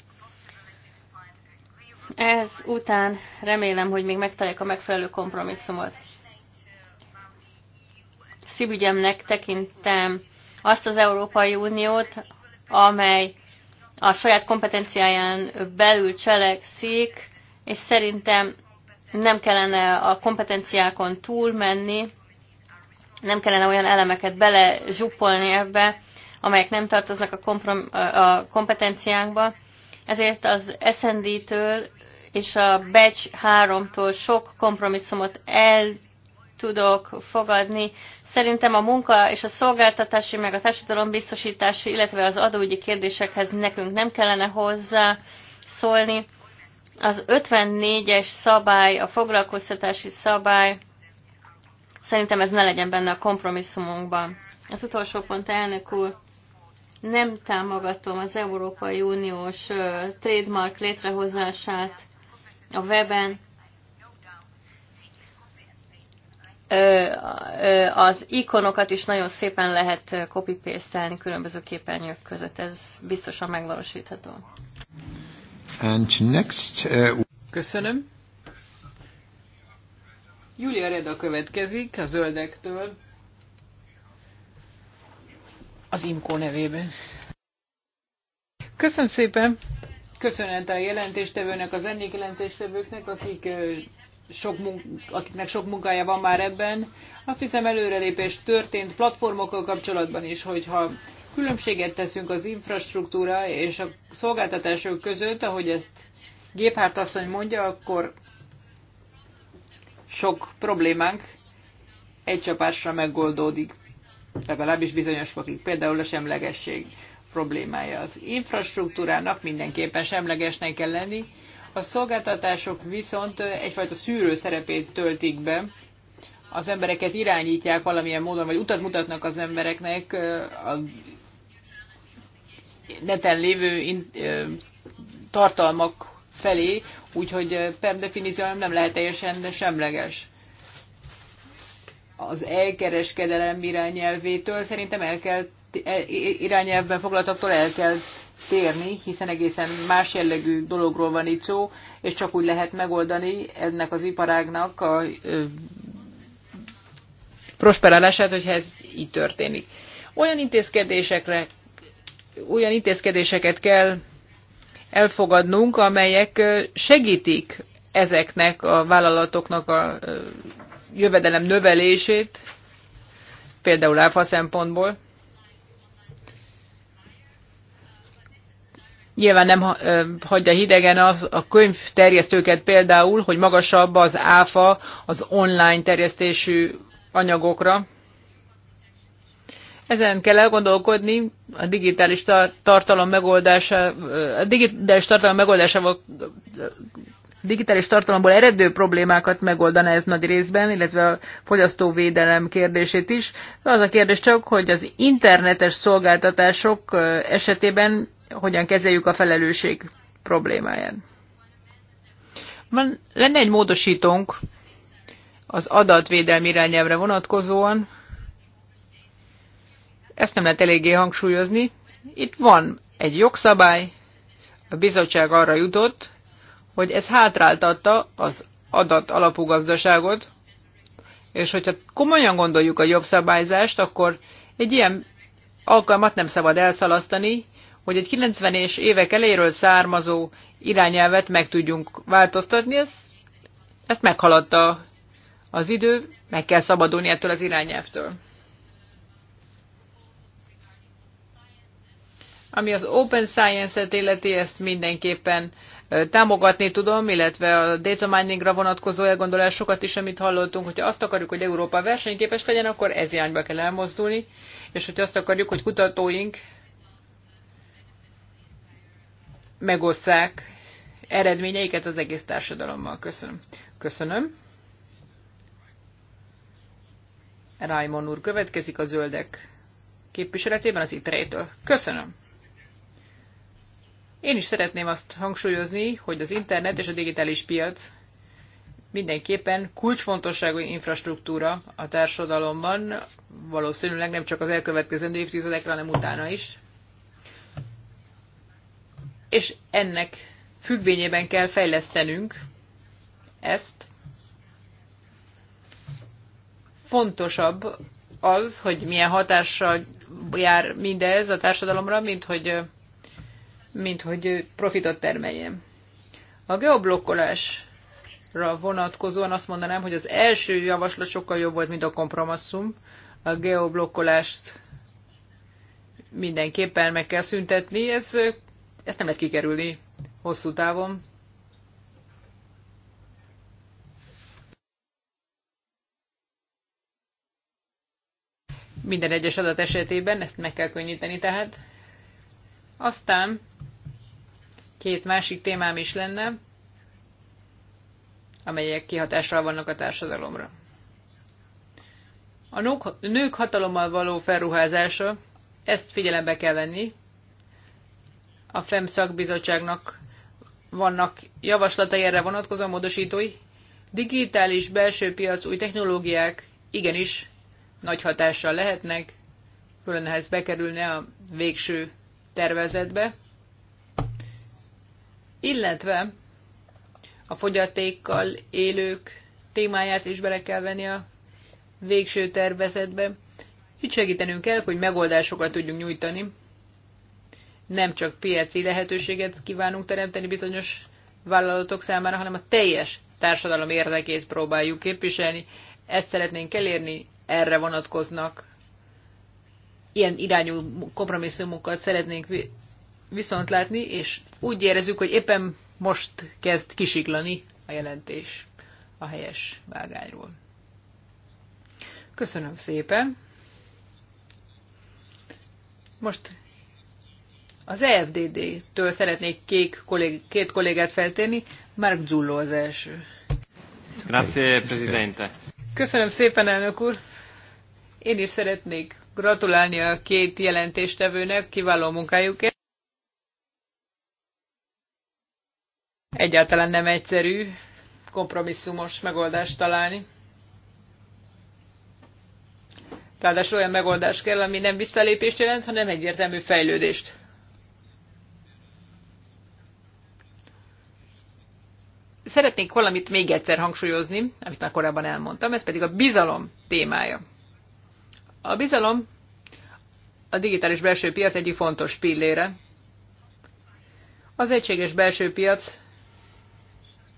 Ez után remélem, hogy még megtaláljuk a megfelelő kompromisszumot. Szívügyemnek tekintem azt az Európai Uniót, amely a saját kompetenciáján belül cselekszik, és szerintem nem kellene a kompetenciákon túlmenni, nem kellene olyan elemeket bele zsupolni ebbe, amelyek nem tartoznak a, a kompetenciánkba. Ezért az SND-től és a Batch 3-tól sok kompromisszumot el tudok fogadni. Szerintem a munka és a szolgáltatási, meg a biztosítási illetve az adóügyi kérdésekhez nekünk nem kellene hozzá szólni. Az 54-es szabály, a foglalkoztatási szabály, szerintem ez ne legyen benne a kompromisszumunkban. Az utolsó pont, elnök úr, nem támogatom az Európai Uniós trademark létrehozását a weben, az ikonokat is nagyon szépen lehet copy paste különböző képernyők között. Ez biztosan megvalósítható. And next, uh... Köszönöm. Julia Reda következik a zöldektől az IMKO nevében. Köszönöm szépen! Köszönöm a jelentéstevőnek, az ennék jelentéstevőknek, akik sok munk, akiknek sok munkája van már ebben. Azt hiszem előrelépés történt platformokkal kapcsolatban is, hogyha különbséget teszünk az infrastruktúra és a szolgáltatások között, ahogy ezt Géphárt asszony mondja, akkor sok problémánk egy csapásra megoldódik, legalábbis bizonyos fokig, például a semlegesség problémája. Az infrastruktúrának mindenképpen semlegesnek kell lenni, a szolgáltatások viszont egyfajta szűrő szerepét töltik be, az embereket irányítják valamilyen módon, vagy utat mutatnak az embereknek a neten lévő tartalmak felé, úgyhogy per definíció nem lehet teljesen semleges. Az elkereskedelem irányelvétől szerintem el kell, irányelvben foglaltaktól el kell térni, hiszen egészen más jellegű dologról van itt szó, és csak úgy lehet megoldani ennek az iparágnak a prosperálását, hogyha ez így történik. Olyan intézkedésekre, olyan intézkedéseket kell elfogadnunk, amelyek segítik ezeknek a vállalatoknak a jövedelem növelését, például áfa szempontból. Nyilván nem hagyja hidegen az a könyvterjesztőket például, hogy magasabb az áfa az online terjesztésű anyagokra. Ezen kell elgondolkodni a digitális tartalom megoldása, a digitális tartalom megoldásával digitális tartalomból eredő problémákat megoldana ez nagy részben, illetve a fogyasztóvédelem kérdését is. Az a kérdés csak, hogy az internetes szolgáltatások esetében hogyan kezeljük a felelősség problémáján. Van, lenne egy módosítónk az adatvédelmi irányelvre vonatkozóan. Ezt nem lehet eléggé hangsúlyozni. Itt van egy jogszabály, a bizottság arra jutott, hogy ez hátráltatta az adat alapú gazdaságot, és hogyha komolyan gondoljuk a jobb szabályzást, akkor egy ilyen alkalmat nem szabad elszalasztani, hogy egy 90-es évek eléről származó irányelvet meg tudjunk változtatni, ez, ezt meghaladta az idő, meg kell szabadulni ettől az irányelvtől. Ami az Open Science-et illeti, ezt mindenképpen támogatni tudom, illetve a data miningra vonatkozó elgondolásokat is, amit hallottunk, hogyha azt akarjuk, hogy Európa versenyképes legyen, akkor ez irányba kell elmozdulni, és hogyha azt akarjuk, hogy kutatóink megosszák eredményeiket az egész társadalommal. Köszönöm. Köszönöm. Raimon úr következik a zöldek képviseletében az ITRE-től. Köszönöm. Én is szeretném azt hangsúlyozni, hogy az internet és a digitális piac mindenképpen kulcsfontosságú infrastruktúra a társadalomban, valószínűleg nem csak az elkövetkezendő évtizedekre, hanem utána is és ennek függvényében kell fejlesztenünk ezt. Fontosabb az, hogy milyen hatással jár mindez a társadalomra, mint hogy, mint hogy profitot termeljen. A geoblokkolásra vonatkozóan azt mondanám, hogy az első javaslat sokkal jobb volt, mint a kompromisszum. A geoblokkolást mindenképpen meg kell szüntetni. Ez ezt nem lehet kikerülni hosszú távon. Minden egyes adat esetében ezt meg kell könnyíteni tehát. Aztán két másik témám is lenne, amelyek kihatással vannak a társadalomra. A nők hatalommal való felruházása, ezt figyelembe kell venni, a FEM szakbizottságnak vannak javaslatai erre vonatkozó módosítói. Digitális belső piac új technológiák igenis nagy hatással lehetnek, külön ehhez bekerülne a végső tervezetbe, illetve a fogyatékkal élők témáját is bele kell venni a végső tervezetbe. Itt segítenünk kell, hogy megoldásokat tudjunk nyújtani nem csak piaci lehetőséget kívánunk teremteni bizonyos vállalatok számára, hanem a teljes társadalom érdekét próbáljuk képviselni. Ezt szeretnénk elérni, erre vonatkoznak. Ilyen irányú kompromisszumokat szeretnénk viszont látni, és úgy érezzük, hogy éppen most kezd kisiklani a jelentés a helyes vágányról. Köszönöm szépen! Most az EFDD-től szeretnék kék kollég, két kollégát feltérni, Mark Zullo az első. Grazie, Presidente. Köszönöm szépen, elnök úr. Én is szeretnék gratulálni a két jelentéstevőnek, kiváló munkájukért. Egyáltalán nem egyszerű kompromisszumos megoldást találni. Ráadásul olyan megoldás kell, ami nem visszalépést jelent, hanem egyértelmű fejlődést. szeretnék valamit még egyszer hangsúlyozni, amit már korábban elmondtam, ez pedig a bizalom témája. A bizalom a digitális belső piac egyik fontos pillére. Az egységes belső piac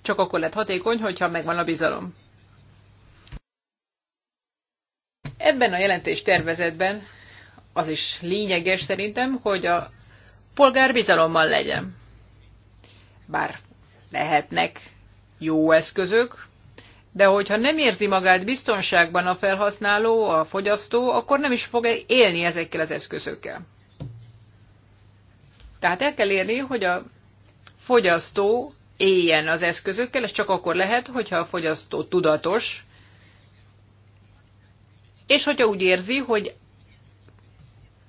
csak akkor lett hatékony, hogyha megvan a bizalom. Ebben a jelentés tervezetben az is lényeges szerintem, hogy a polgár bizalommal legyen. Bár lehetnek jó eszközök, de hogyha nem érzi magát biztonságban a felhasználó, a fogyasztó, akkor nem is fog élni ezekkel az eszközökkel. Tehát el kell érni, hogy a fogyasztó éljen az eszközökkel, ez csak akkor lehet, hogyha a fogyasztó tudatos, és hogyha úgy érzi, hogy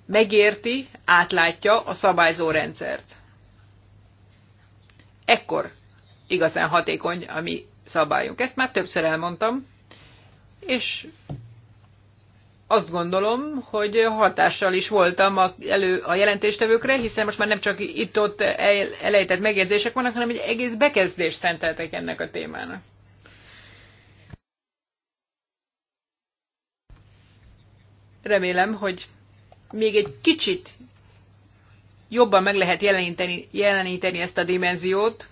megérti, átlátja a szabályzó rendszert. Ekkor igazán hatékony a mi szabályunk. Ezt már többször elmondtam, és azt gondolom, hogy hatással is voltam a, elő, a jelentéstevőkre, hiszen most már nem csak itt-ott elejtett megjegyzések vannak, hanem egy egész bekezdést szenteltek ennek a témának. Remélem, hogy még egy kicsit jobban meg lehet jeleníteni, jeleníteni ezt a dimenziót,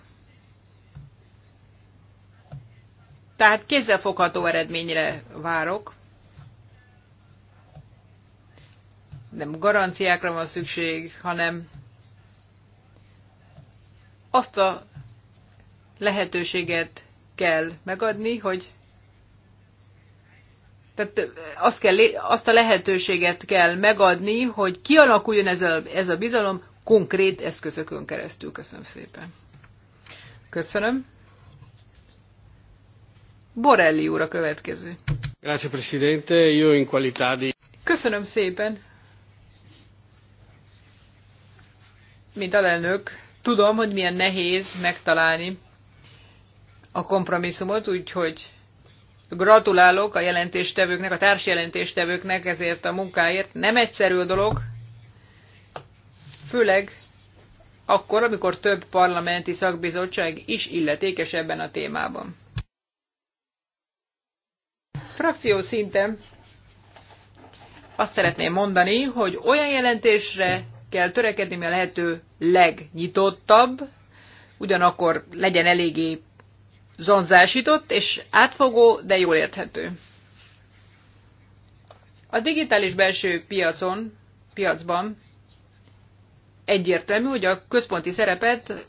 Tehát kézzelfogható eredményre várok. Nem garanciákra van szükség, hanem azt a lehetőséget kell megadni, hogy tehát azt, kell, azt a lehetőséget kell megadni, hogy kialakuljon ez a, ez a bizalom konkrét eszközökön keresztül. Köszönöm szépen. Köszönöm. Borelli úr a következő. Grazie Presidente, io in qualità di... Köszönöm szépen. Mint alelnök, tudom, hogy milyen nehéz megtalálni a kompromisszumot, úgyhogy gratulálok a jelentéstevőknek, a társjelentéstevőknek ezért a munkáért. Nem egyszerű a dolog, főleg akkor, amikor több parlamenti szakbizottság is illetékes ebben a témában. Frakció szinten azt szeretném mondani, hogy olyan jelentésre kell törekedni, mi a lehető legnyitottabb, ugyanakkor legyen eléggé zonzásított és átfogó, de jól érthető. A digitális belső piacon, piacban egyértelmű, hogy a központi szerepet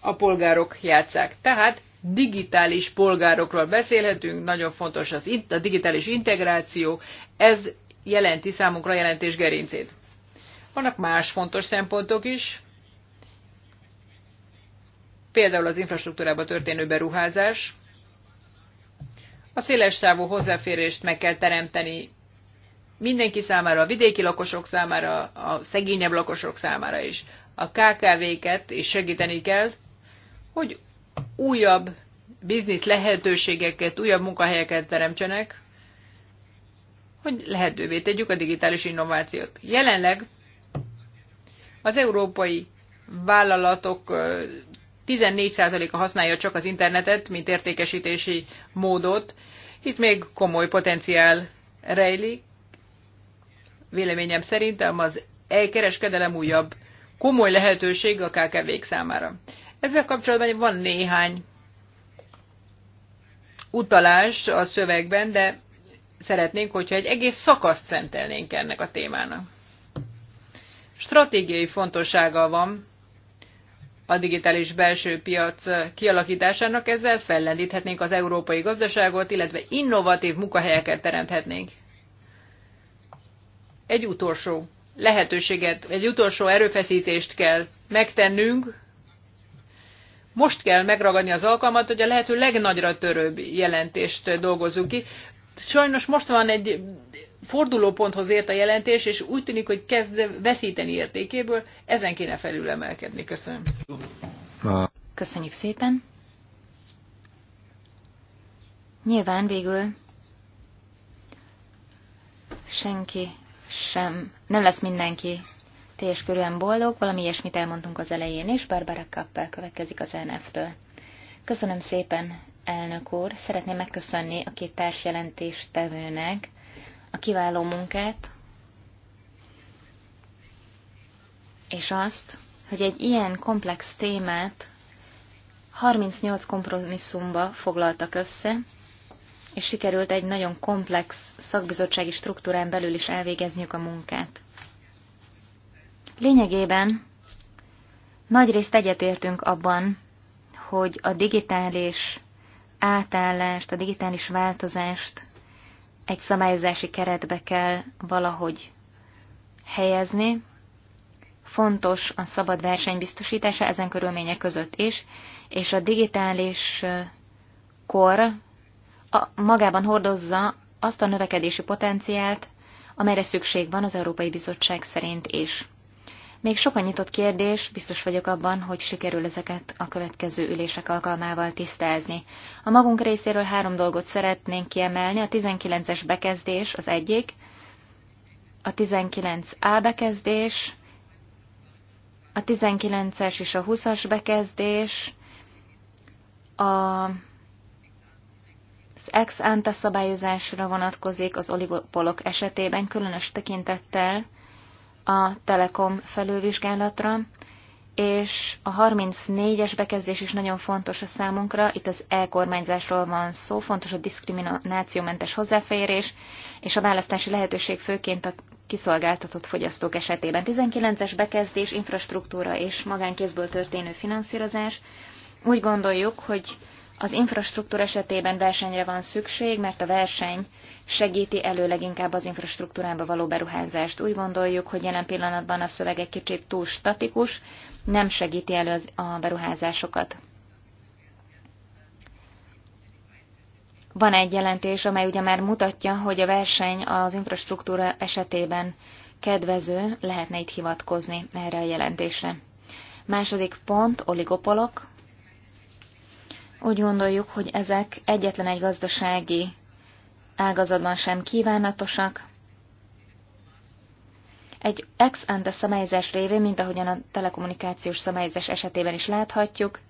a polgárok játszák. Tehát digitális polgárokról beszélhetünk, nagyon fontos az, a digitális integráció, ez jelenti számunkra jelentés gerincét. Vannak más fontos szempontok is, például az infrastruktúrába történő beruházás. A széles távú hozzáférést meg kell teremteni mindenki számára, a vidéki lakosok számára, a szegényebb lakosok számára is. A KKV-ket is segíteni kell, hogy újabb biznisz lehetőségeket, újabb munkahelyeket teremtsenek, hogy lehetővé tegyük a digitális innovációt. Jelenleg az európai vállalatok 14%-a használja csak az internetet, mint értékesítési módot. Itt még komoly potenciál rejlik. Véleményem szerintem az e-kereskedelem újabb komoly lehetőség a KKV-k számára. Ezzel kapcsolatban van néhány utalás a szövegben, de szeretnénk, hogyha egy egész szakaszt szentelnénk ennek a témának. Stratégiai fontossága van a digitális belső piac kialakításának, ezzel fellendíthetnénk az európai gazdaságot, illetve innovatív munkahelyeket teremthetnénk. Egy utolsó lehetőséget, egy utolsó erőfeszítést kell megtennünk, most kell megragadni az alkalmat, hogy a lehető legnagyra törőbb jelentést dolgozzunk ki. Sajnos most van egy fordulóponthoz ért a jelentés, és úgy tűnik, hogy kezd veszíteni értékéből, ezen kéne felülemelkedni. Köszönöm. Köszönjük szépen. Nyilván végül senki sem, nem lesz mindenki teljes körülön boldog, valami ilyesmit elmondtunk az elején, és Barbara Kappel következik az NF-től. Köszönöm szépen, elnök úr! Szeretném megköszönni a két tevőnek a kiváló munkát, és azt, hogy egy ilyen komplex témát 38 kompromisszumba foglaltak össze, és sikerült egy nagyon komplex szakbizottsági struktúrán belül is elvégezniük a munkát. Lényegében nagyrészt egyetértünk abban, hogy a digitális átállást, a digitális változást egy szabályozási keretbe kell valahogy helyezni. Fontos a szabad verseny biztosítása ezen körülmények között is, és a digitális kor a, magában hordozza azt a növekedési potenciált, amelyre szükség van az Európai Bizottság szerint is. Még sok nyitott kérdés, biztos vagyok abban, hogy sikerül ezeket a következő ülések alkalmával tisztázni. A magunk részéről három dolgot szeretnénk kiemelni, a 19-es bekezdés az egyik, a 19A bekezdés, a 19-es és a 20-as bekezdés, a, az ex ante szabályozásra vonatkozik az oligopolok esetében, különös tekintettel a Telekom felülvizsgálatra, és a 34-es bekezdés is nagyon fontos a számunkra. Itt az elkormányzásról van szó, fontos a diszkriminációmentes hozzáférés, és a választási lehetőség főként a kiszolgáltatott fogyasztók esetében. 19-es bekezdés, infrastruktúra és magánkézből történő finanszírozás. Úgy gondoljuk, hogy az infrastruktúra esetében versenyre van szükség, mert a verseny segíti elő leginkább az infrastruktúrába való beruházást. Úgy gondoljuk, hogy jelen pillanatban a szöveg egy kicsit túl statikus, nem segíti elő a beruházásokat. Van egy jelentés, amely ugye már mutatja, hogy a verseny az infrastruktúra esetében kedvező, lehetne itt hivatkozni erre a jelentésre. Második pont, oligopolok. Úgy gondoljuk, hogy ezek egyetlen egy gazdasági ágazatban sem kívánatosak. Egy ex ante szabályzás révén, mint ahogyan a telekommunikációs szabályzás esetében is láthatjuk,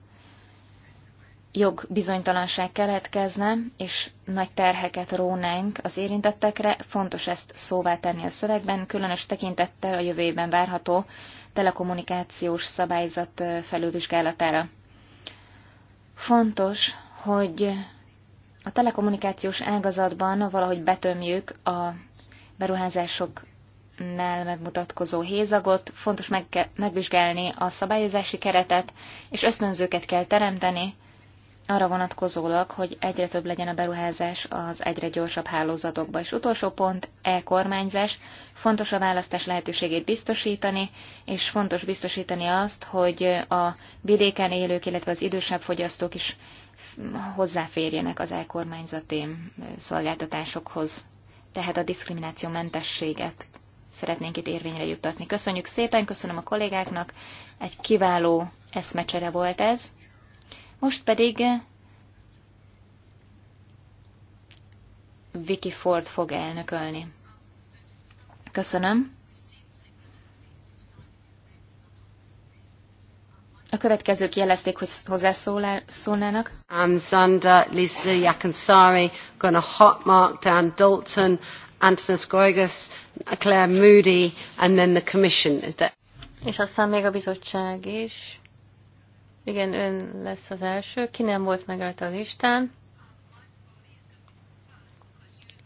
bizonytalanság keletkezne, és nagy terheket rónánk az érintettekre, fontos ezt szóvá tenni a szövegben, különös tekintettel a jövőben várható telekommunikációs szabályzat felülvizsgálatára. Fontos, hogy a telekommunikációs ágazatban valahogy betömjük a beruházásoknál megmutatkozó hézagot, fontos megvizsgálni a szabályozási keretet, és ösztönzőket kell teremteni, arra vonatkozólag, hogy egyre több legyen a beruházás az egyre gyorsabb hálózatokba. És utolsó pont, e-kormányzás. Fontos a választás lehetőségét biztosítani, és fontos biztosítani azt, hogy a vidéken élők, illetve az idősebb fogyasztók is hozzáférjenek az e-kormányzati szolgáltatásokhoz. Tehát a diszkrimináció mentességet szeretnénk itt érvényre juttatni. Köszönjük szépen, köszönöm a kollégáknak, egy kiváló eszmecsere volt ez. Most pedig eh, Vicky Ford fog elnökölni. Köszönöm. A következők jelezték, hogy hozzászólnának. Ann Zander, Lisa Yakansari, Gunnar Hotmark, Dan Dalton, Antonis Goigas, Claire Moody, and then the Commission. És aztán még a bizottság is. Igen, ön lesz az első. Ki nem volt meg rajta a listán?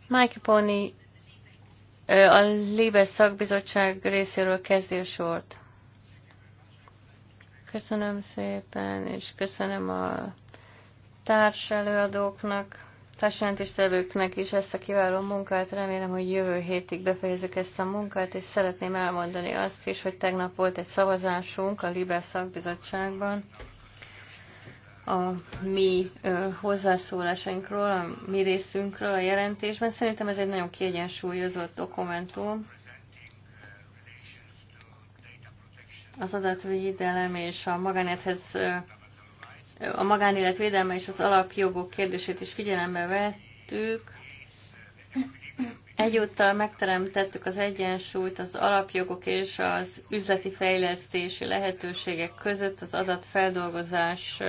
Mike Pony a Lébe szakbizottság részéről kezdi a sort. Köszönöm szépen, és köszönöm a társelőadóknak társjelentéstevőknek is ezt a kiváló munkát. Remélem, hogy jövő hétig befejezzük ezt a munkát, és szeretném elmondani azt is, hogy tegnap volt egy szavazásunk a Libe szakbizottságban a mi ö, hozzászólásainkról, a mi részünkről a jelentésben. Szerintem ez egy nagyon kiegyensúlyozott dokumentum. Az adatvédelem és a magánéthez a magánélet védelme és az alapjogok kérdését is figyelembe vettük. Egyúttal megteremtettük az egyensúlyt az alapjogok és az üzleti fejlesztési lehetőségek között az adatfeldolgozás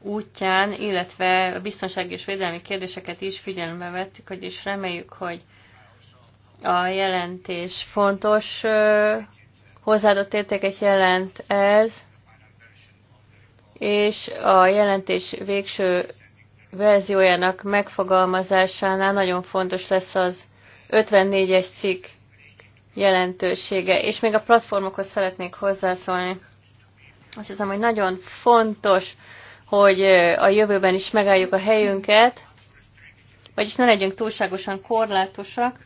útján, illetve a biztonsági és védelmi kérdéseket is figyelembe vettük, hogy is reméljük, hogy a jelentés fontos hozzáadott értéket jelent ez, és a jelentés végső verziójának megfogalmazásánál nagyon fontos lesz az 54-es cikk jelentősége. És még a platformokhoz szeretnék hozzászólni. Azt hiszem, hogy nagyon fontos, hogy a jövőben is megálljuk a helyünket, vagyis ne legyünk túlságosan korlátosak,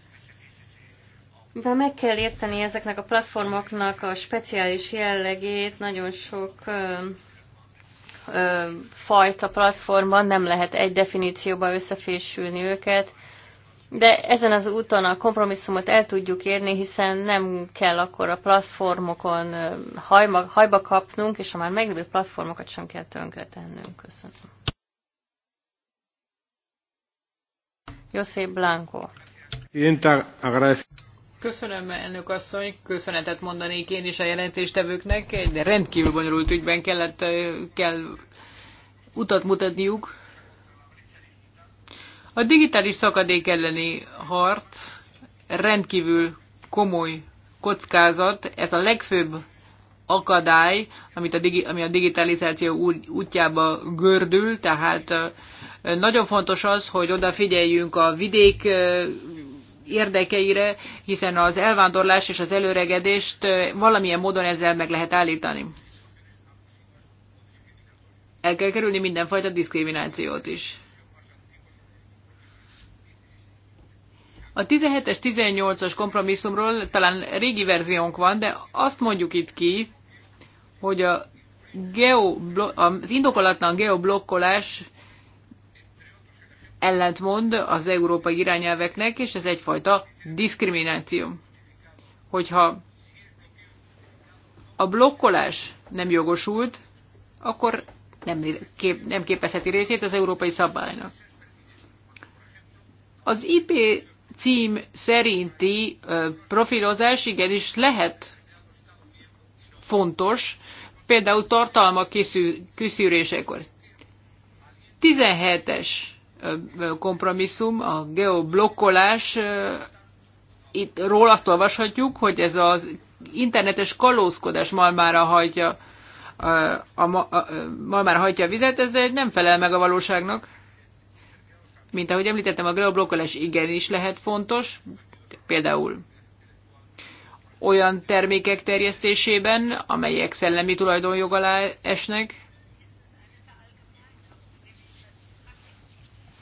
mivel meg kell érteni ezeknek a platformoknak a speciális jellegét, nagyon sok fajta platformban, nem lehet egy definícióba összefésülni őket, de ezen az úton a kompromisszumot el tudjuk érni, hiszen nem kell akkor a platformokon hajma, hajba kapnunk, és a már meglévő platformokat sem kell tönkretennünk. Köszönöm. José Blanco. Köszönöm, elnök asszony. Köszönetet mondanék én is a jelentéstevőknek. Egy rendkívül bonyolult ügyben kellett, kell utat mutatniuk. A digitális szakadék elleni harc rendkívül komoly kockázat. Ez a legfőbb akadály, amit a digi, ami a digitalizáció útjába gördül, tehát nagyon fontos az, hogy odafigyeljünk a vidék érdekeire, hiszen az elvándorlás és az előregedést valamilyen módon ezzel meg lehet állítani. El kell kerülni mindenfajta diszkriminációt is. A 17-es, 18-as kompromisszumról talán régi verziónk van, de azt mondjuk itt ki, hogy a geo, az indokolatlan geoblokkolás ellentmond az európai irányelveknek, és ez egyfajta diszkrimináció. Hogyha a blokkolás nem jogosult, akkor nem, kép, nem képezheti részét az európai szabálynak. Az IP cím szerinti profilozás igenis lehet fontos, például tartalma kiszűrésekor. 17-es kompromisszum, a geoblokkolás, itt róla azt olvashatjuk, hogy ez az internetes kalózkodás malmára hajtja a, a, a, a, hajtja a vizet, ez nem felel meg a valóságnak. Mint ahogy említettem, a geoblokkolás igenis lehet fontos, például olyan termékek terjesztésében, amelyek szellemi tulajdonjog alá esnek,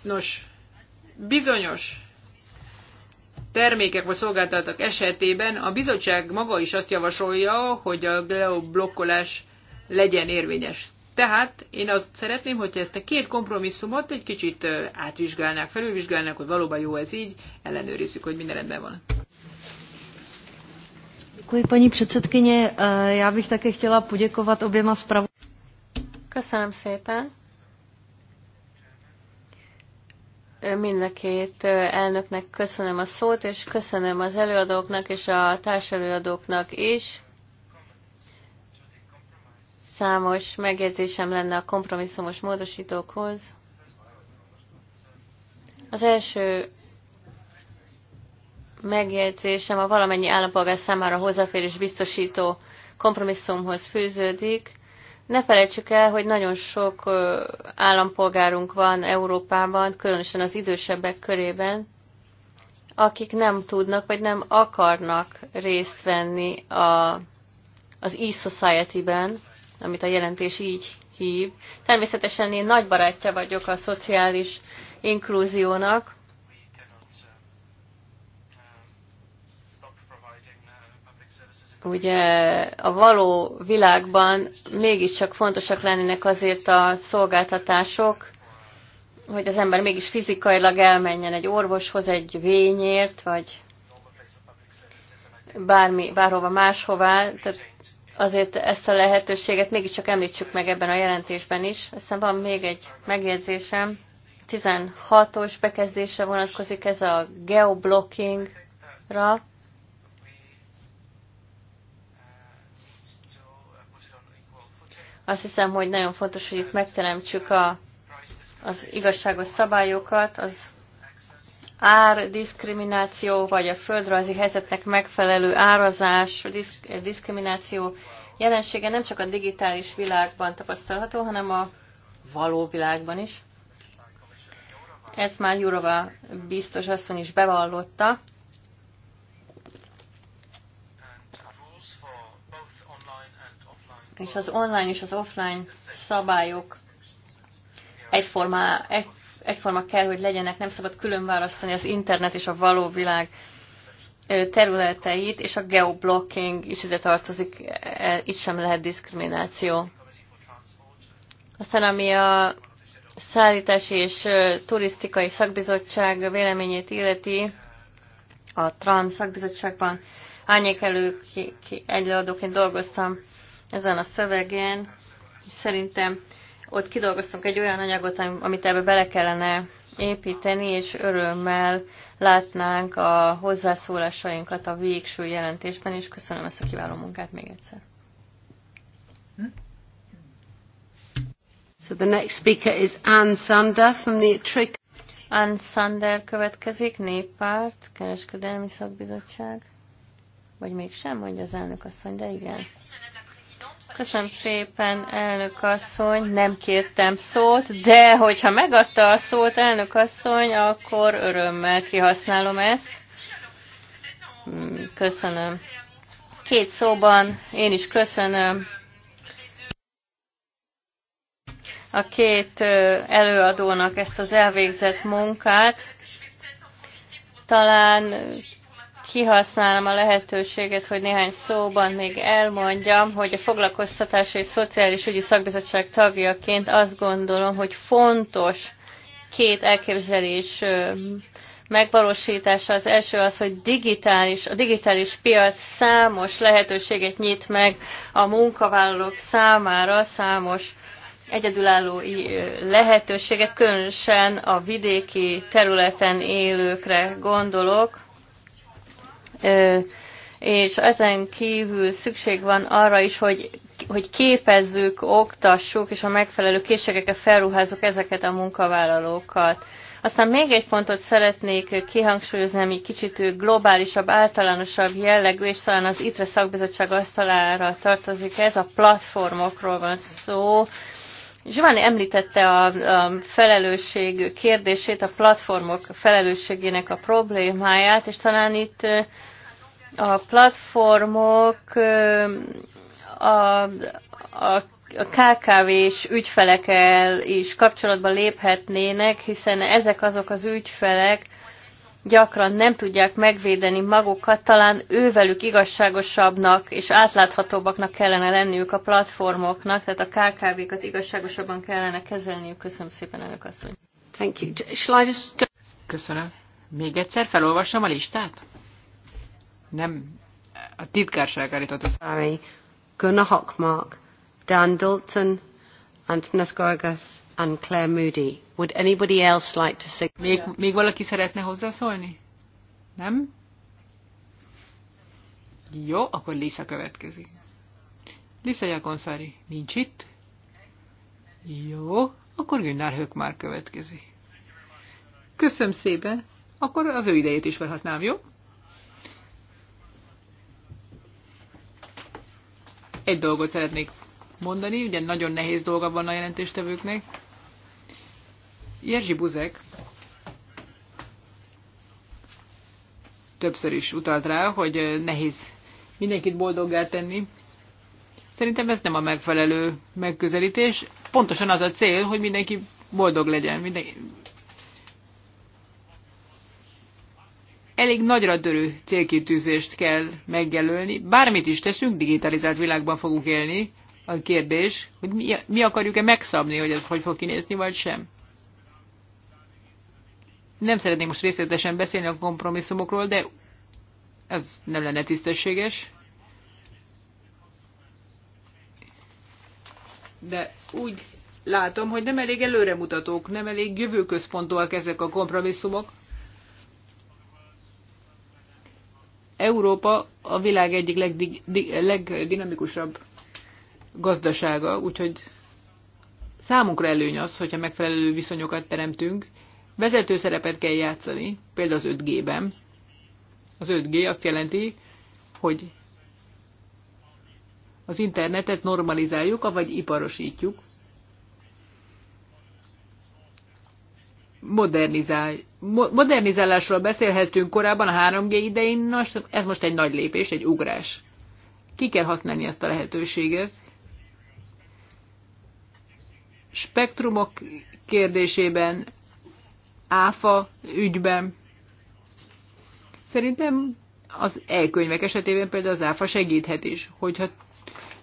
Nos, bizonyos termékek vagy szolgáltatók esetében a bizottság maga is azt javasolja, hogy a geoblokkolás legyen érvényes. Tehát én azt szeretném, hogy ezt a két kompromisszumot egy kicsit átvizsgálnák, felülvizsgálnák, hogy valóban jó ez így, ellenőrizzük, hogy minden rendben van. E, Köszönöm szépen. mind a két elnöknek köszönöm a szót, és köszönöm az előadóknak és a társelőadóknak is. Számos megjegyzésem lenne a kompromisszumos módosítókhoz. Az első megjegyzésem a valamennyi állampolgár számára hozzáférés biztosító kompromisszumhoz fűződik. Ne felejtsük el, hogy nagyon sok állampolgárunk van Európában, különösen az idősebbek körében, akik nem tudnak vagy nem akarnak részt venni a, az e-society-ben, amit a jelentés így hív. Természetesen én nagy barátja vagyok a szociális inkluziónak, ugye a való világban mégiscsak fontosak lennének azért a szolgáltatások, hogy az ember mégis fizikailag elmenjen egy orvoshoz egy vényért, vagy bármi, bárhova máshová, tehát azért ezt a lehetőséget mégiscsak említsük meg ebben a jelentésben is. Aztán van még egy megjegyzésem, 16-os bekezdésre vonatkozik ez a geoblockingra. Azt hiszem, hogy nagyon fontos, hogy itt megteremtsük a, az igazságos szabályokat, az diszkrimináció, vagy a földrajzi helyzetnek megfelelő árazás, diszk, diszkrimináció jelensége nem csak a digitális világban tapasztalható, hanem a való világban is. Ezt már Jurova biztos asszony is bevallotta. és az online és az offline szabályok egyforma, egy, egyforma kell, hogy legyenek, nem szabad különválasztani az internet és a való világ területeit, és a geoblocking is ide tartozik, e, itt sem lehet diszkrimináció. Aztán ami a szállítási és turisztikai szakbizottság véleményét illeti, a TRAN szakbizottságban árnyékelők előadóként dolgoztam ezen a szövegen. Szerintem ott kidolgoztunk egy olyan anyagot, amit ebbe bele kellene építeni, és örömmel látnánk a hozzászólásainkat a végső jelentésben, és köszönöm ezt a kiváló munkát még egyszer. So the next speaker is Anne Sander from the Trick. Ann Sander következik, Néppárt, Kereskedelmi Szakbizottság. Vagy mégsem, mondja az elnök asszony, de igen. Köszönöm szépen, elnök asszony. Nem kértem szót, de hogyha megadta a szót, elnök asszony, akkor örömmel kihasználom ezt. Köszönöm. Két szóban én is köszönöm a két előadónak ezt az elvégzett munkát. Talán kihasználom a lehetőséget, hogy néhány szóban még elmondjam, hogy a foglalkoztatási és szociális ügyi szakbizottság tagjaként azt gondolom, hogy fontos két elképzelés megvalósítása. Az első az, hogy digitális, a digitális piac számos lehetőséget nyit meg a munkavállalók számára, számos egyedülálló lehetőséget, különösen a vidéki területen élőkre gondolok, és ezen kívül szükség van arra is, hogy, hogy képezzük, oktassuk, és a megfelelő készségeket felruházzuk ezeket a munkavállalókat. Aztán még egy pontot szeretnék kihangsúlyozni, ami kicsit globálisabb, általánosabb jellegű, és talán az ITRE szakbizottság asztalára tartozik. Ez a platformokról van szó, Giovanni említette a, a felelősség kérdését, a platformok felelősségének a problémáját, és talán itt a platformok a, a a KKV-s ügyfelekkel is kapcsolatba léphetnének, hiszen ezek azok az ügyfelek, gyakran nem tudják megvédeni magukat, talán ővelük igazságosabbnak és átláthatóbbaknak kellene lenniük a platformoknak, tehát a KKV-kat igazságosabban kellene kezelniük. Köszönöm szépen, elnök asszony. Thank you. Shall I just go? Köszönöm. Még egyszer felolvassam a listát? Nem, a titkárság a Sorry. Gunnar Hockmark, Dan Dalton, Antonas Gorgas, and Claire Moody. Would anybody else like to say? Még, még valaki szeretne hozzászólni? Nem? Jó, akkor Lisa következik. Lisa Jakonszári nincs itt. Jó, akkor Günnár már következik. Köszönöm szépen, akkor az ő idejét is felhasználom, jó? Egy dolgot szeretnék mondani, ugye nagyon nehéz dolga van a jelentéstevőknek, Jerzy Buzek többször is utalt rá, hogy nehéz mindenkit boldoggá tenni. Szerintem ez nem a megfelelő megközelítés. Pontosan az a cél, hogy mindenki boldog legyen. Mindenki... Elég nagyra törő célkitűzést kell megjelölni. Bármit is teszünk, digitalizált világban fogunk élni. A kérdés, hogy mi, mi akarjuk-e megszabni, hogy ez hogy fog kinézni, vagy sem. Nem szeretnék most részletesen beszélni a kompromisszumokról, de ez nem lenne tisztességes. De úgy látom, hogy nem elég előremutatók, nem elég jövőközpontúak ezek a kompromisszumok. Európa a világ egyik legdinamikusabb gazdasága, úgyhogy számunkra előny az, hogyha megfelelő viszonyokat teremtünk, vezető szerepet kell játszani, például az 5G-ben. Az 5G azt jelenti, hogy az internetet normalizáljuk, vagy iparosítjuk. Modernizál, modernizálásról beszélhetünk korábban a 3G idején, most, ez most egy nagy lépés, egy ugrás. Ki kell használni ezt a lehetőséget? Spektrumok kérdésében áfa ügyben. Szerintem az e-könyvek esetében például az áfa segíthet is, hogyha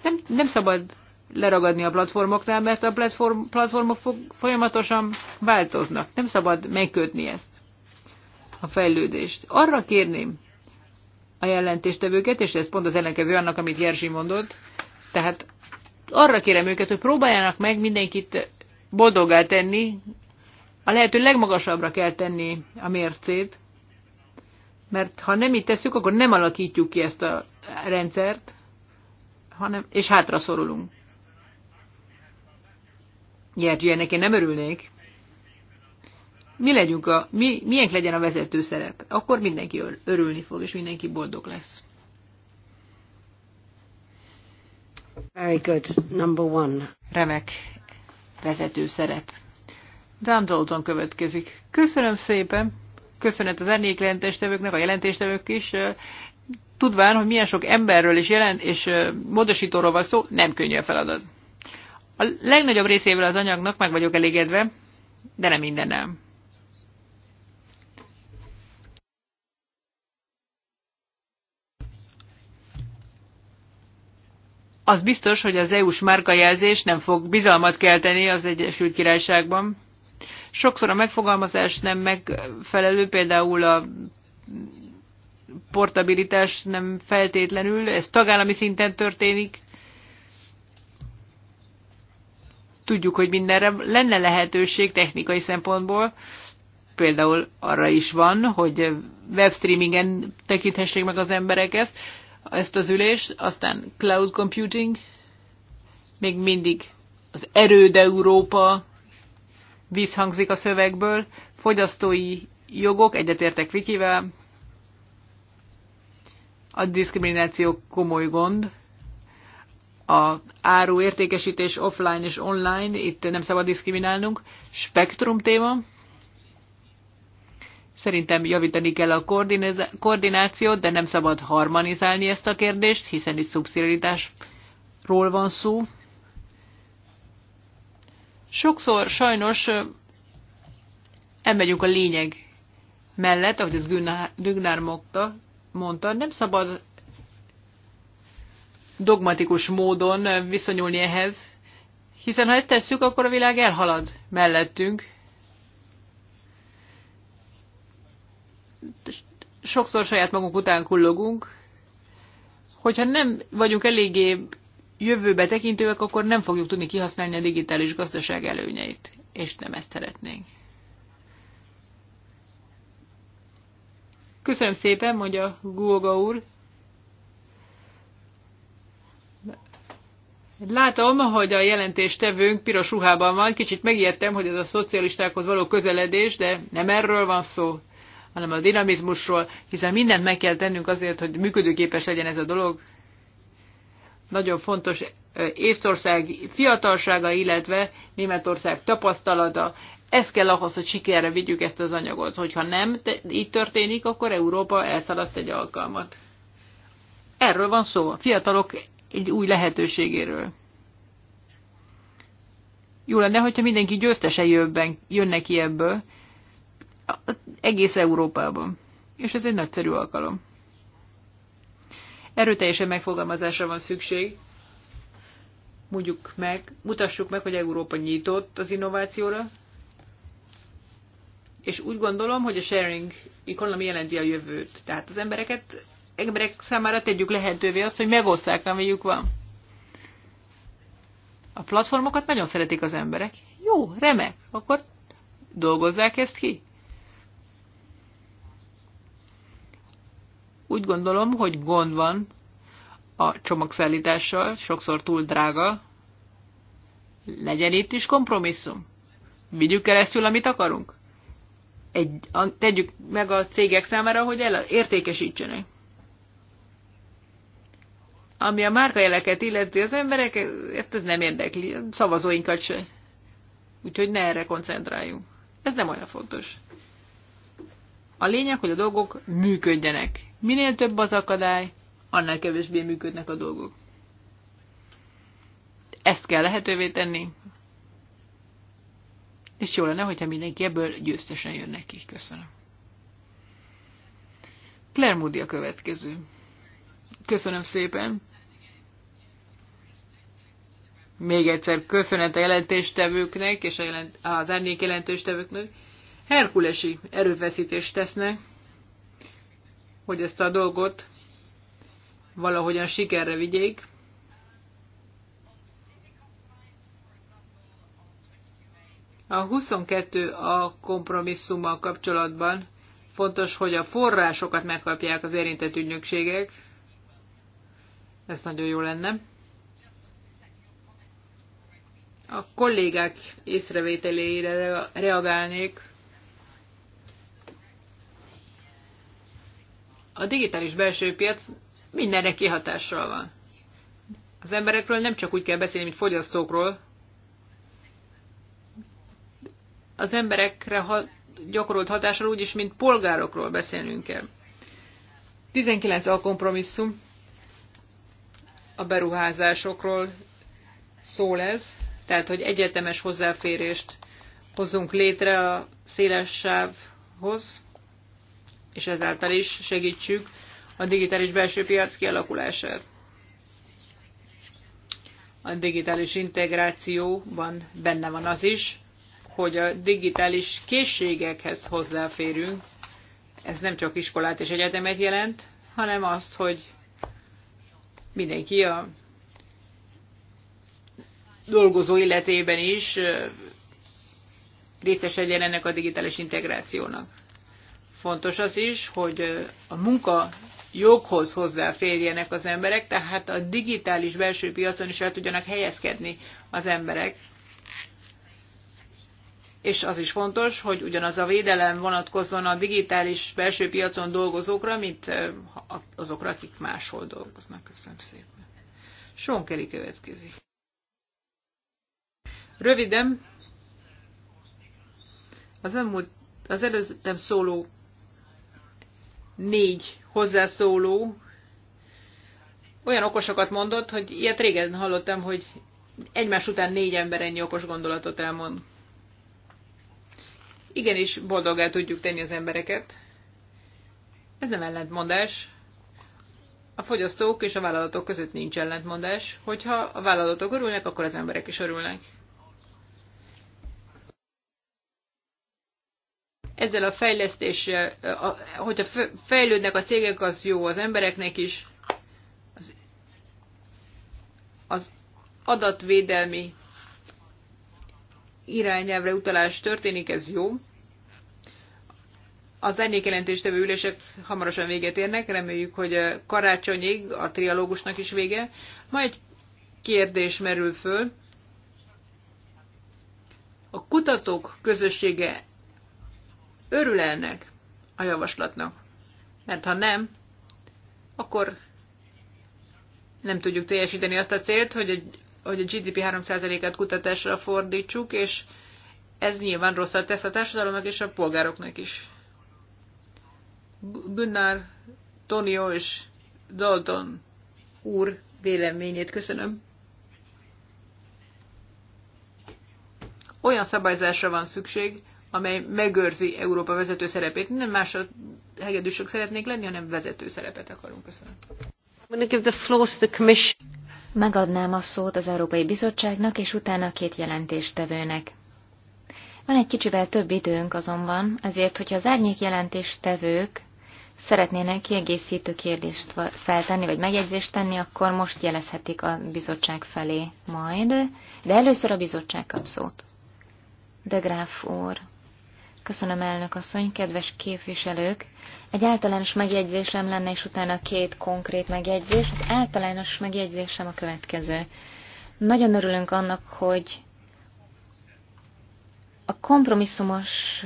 nem, nem szabad leragadni a platformoknál, mert a platform, platformok folyamatosan változnak. Nem szabad megkötni ezt, a fejlődést. Arra kérném a jelentéstevőket, és ez pont az ellenkező annak, amit Jerzy mondott, tehát arra kérem őket, hogy próbáljanak meg mindenkit boldogá tenni a lehető legmagasabbra kell tenni a mércét, mert ha nem így tesszük, akkor nem alakítjuk ki ezt a rendszert, hanem, és hátra szorulunk. Gyergyi, ennek én nem örülnék. Mi legyünk a, mi, milyen legyen a vezető szerep? Akkor mindenki örülni fog, és mindenki boldog lesz. Very good, number one. Remek vezető szerep. Dám Dalton következik. Köszönöm szépen, köszönet az ennék jelentéstevőknek, a jelentéstevők is. Tudván, hogy milyen sok emberről is jelent, és módosítóról van szó, nem könnyű a feladat. A legnagyobb részével az anyagnak meg vagyok elégedve, de nem mindennel. Az biztos, hogy az EU-s márkajelzés nem fog bizalmat kelteni az Egyesült Királyságban. Sokszor a megfogalmazás nem megfelelő, például a portabilitás nem feltétlenül, ez tagállami szinten történik. Tudjuk, hogy mindenre lenne lehetőség technikai szempontból, például arra is van, hogy webstreamingen tekinthessék meg az emberek ezt, ezt az ülést, aztán cloud computing, még mindig az erőd Európa vízhangzik a szövegből, fogyasztói jogok, egyetértek Vikivel, a diszkrimináció komoly gond, a áru értékesítés offline és online, itt nem szabad diszkriminálnunk, spektrum téma, Szerintem javítani kell a koordinációt, de nem szabad harmonizálni ezt a kérdést, hiszen itt szubszidiaritásról van szó. Sokszor sajnos elmegyünk a lényeg mellett, ahogy ez Gügnár mondta, mondta, nem szabad dogmatikus módon viszonyulni ehhez, hiszen ha ezt tesszük, akkor a világ elhalad mellettünk. Sokszor saját magunk után kullogunk. Hogyha nem vagyunk eléggé jövőbe tekintőek, akkor nem fogjuk tudni kihasználni a digitális gazdaság előnyeit, és nem ezt szeretnénk. Köszönöm szépen, mondja Guoga úr. Látom, hogy a jelentéstevőnk piros ruhában van. Kicsit megijedtem, hogy ez a szocialistákhoz való közeledés, de nem erről van szó, hanem a dinamizmusról, hiszen mindent meg kell tennünk azért, hogy működőképes legyen ez a dolog. Nagyon fontos Észtország fiatalsága, illetve Németország tapasztalata. Ez kell ahhoz, hogy sikerre vigyük ezt az anyagot. Hogyha nem így történik, akkor Európa elszalaszt egy alkalmat. Erről van szó, a fiatalok egy új lehetőségéről. Jó lenne, hogyha mindenki győztese jövben, jönne ki ebből, egész Európában. És ez egy nagyszerű alkalom erőteljesen megfogalmazásra van szükség. Mondjuk meg, mutassuk meg, hogy Európa nyitott az innovációra, és úgy gondolom, hogy a sharing economy jelenti a jövőt. Tehát az embereket, emberek számára tegyük lehetővé azt, hogy megosszák, amelyük van. A platformokat nagyon szeretik az emberek. Jó, remek, akkor dolgozzák ezt ki. Úgy gondolom, hogy gond van a csomagszállítással, sokszor túl drága. Legyen itt is kompromisszum. Vigyük keresztül, amit akarunk. Egy, tegyük meg a cégek számára, hogy el, értékesítsenek ami a márkajeleket illeti az emberek, hát ez nem érdekli, szavazóinkat se. Úgyhogy ne erre koncentráljunk. Ez nem olyan fontos. A lényeg, hogy a dolgok működjenek. Minél több az akadály, annál kevésbé működnek a dolgok. Ezt kell lehetővé tenni, és jó lenne, hogyha mindenki ebből győztesen jön neki. Köszönöm. Claire Moody a következő. Köszönöm szépen. Még egyszer köszönet a jelentéstevőknek és a jelent, az árnyék jelentéstevőknek herkulesi erőfeszítést tesznek, hogy ezt a dolgot valahogyan sikerre vigyék. A 22 a kompromisszummal kapcsolatban fontos, hogy a forrásokat megkapják az érintett ügynökségek. Ez nagyon jó lenne. A kollégák észrevételére reagálnék. a digitális belső piac mindenre kihatással van. Az emberekről nem csak úgy kell beszélni, mint fogyasztókról. Az emberekre ha, gyakorolt hatásról is, mint polgárokról beszélnünk kell. 19 a kompromisszum. A beruházásokról szól ez, tehát hogy egyetemes hozzáférést hozzunk létre a széles sávhoz, és ezáltal is segítsük a digitális belső piac kialakulását. A digitális integrációban benne van az is, hogy a digitális készségekhez hozzáférünk. Ez nem csak iskolát és egyetemet jelent, hanem azt, hogy mindenki a dolgozó életében is részesedjen ennek a digitális integrációnak. Fontos az is, hogy a munka joghoz hozzáférjenek az emberek, tehát a digitális belső piacon is el tudjanak helyezkedni az emberek. És az is fontos, hogy ugyanaz a védelem vonatkozzon a digitális belső piacon dolgozókra, mint azokra, akik máshol dolgoznak. Köszönöm szépen. Sonkeli következik. Röviden, az, elmúlt, az előttem szóló négy hozzászóló olyan okosokat mondott, hogy ilyet régen hallottam, hogy egymás után négy ember ennyi okos gondolatot elmond. Igenis, boldogá tudjuk tenni az embereket. Ez nem ellentmondás. A fogyasztók és a vállalatok között nincs ellentmondás. Hogyha a vállalatok örülnek, akkor az emberek is örülnek. ezzel a fejlesztéssel, hogyha fejlődnek a cégek, az jó az embereknek is. Az, az adatvédelmi irányelvre utalás történik, ez jó. Az árnyékjelentéstevő ülések hamarosan véget érnek, reméljük, hogy eh, karácsonyig a trialógusnak is vége. Ma egy kérdés merül föl. A kutatók közössége örül ennek a javaslatnak. Mert ha nem, akkor nem tudjuk teljesíteni azt a célt, hogy a, hogy a GDP 3%-át kutatásra fordítsuk, és ez nyilván rosszat tesz a társadalomnak és a polgároknak is. Gunnar, Tonio és Dalton úr véleményét köszönöm. Olyan szabályzásra van szükség, amely megőrzi Európa vezető szerepét. Nem más a hegedűsök szeretnék lenni, hanem vezető szerepet akarunk. Köszönöm. Megadnám a szót az Európai Bizottságnak, és utána két jelentéstevőnek. Van egy kicsivel több időnk azonban, ezért, hogyha az árnyék jelentéstevők szeretnének kiegészítő kérdést feltenni, vagy megjegyzést tenni, akkor most jelezhetik a bizottság felé majd, de először a bizottság kap szót. De Graf úr. Köszönöm, elnök asszony, kedves képviselők! Egy általános megjegyzésem lenne, és utána két konkrét megjegyzés. Az általános megjegyzésem a következő. Nagyon örülünk annak, hogy a kompromisszumos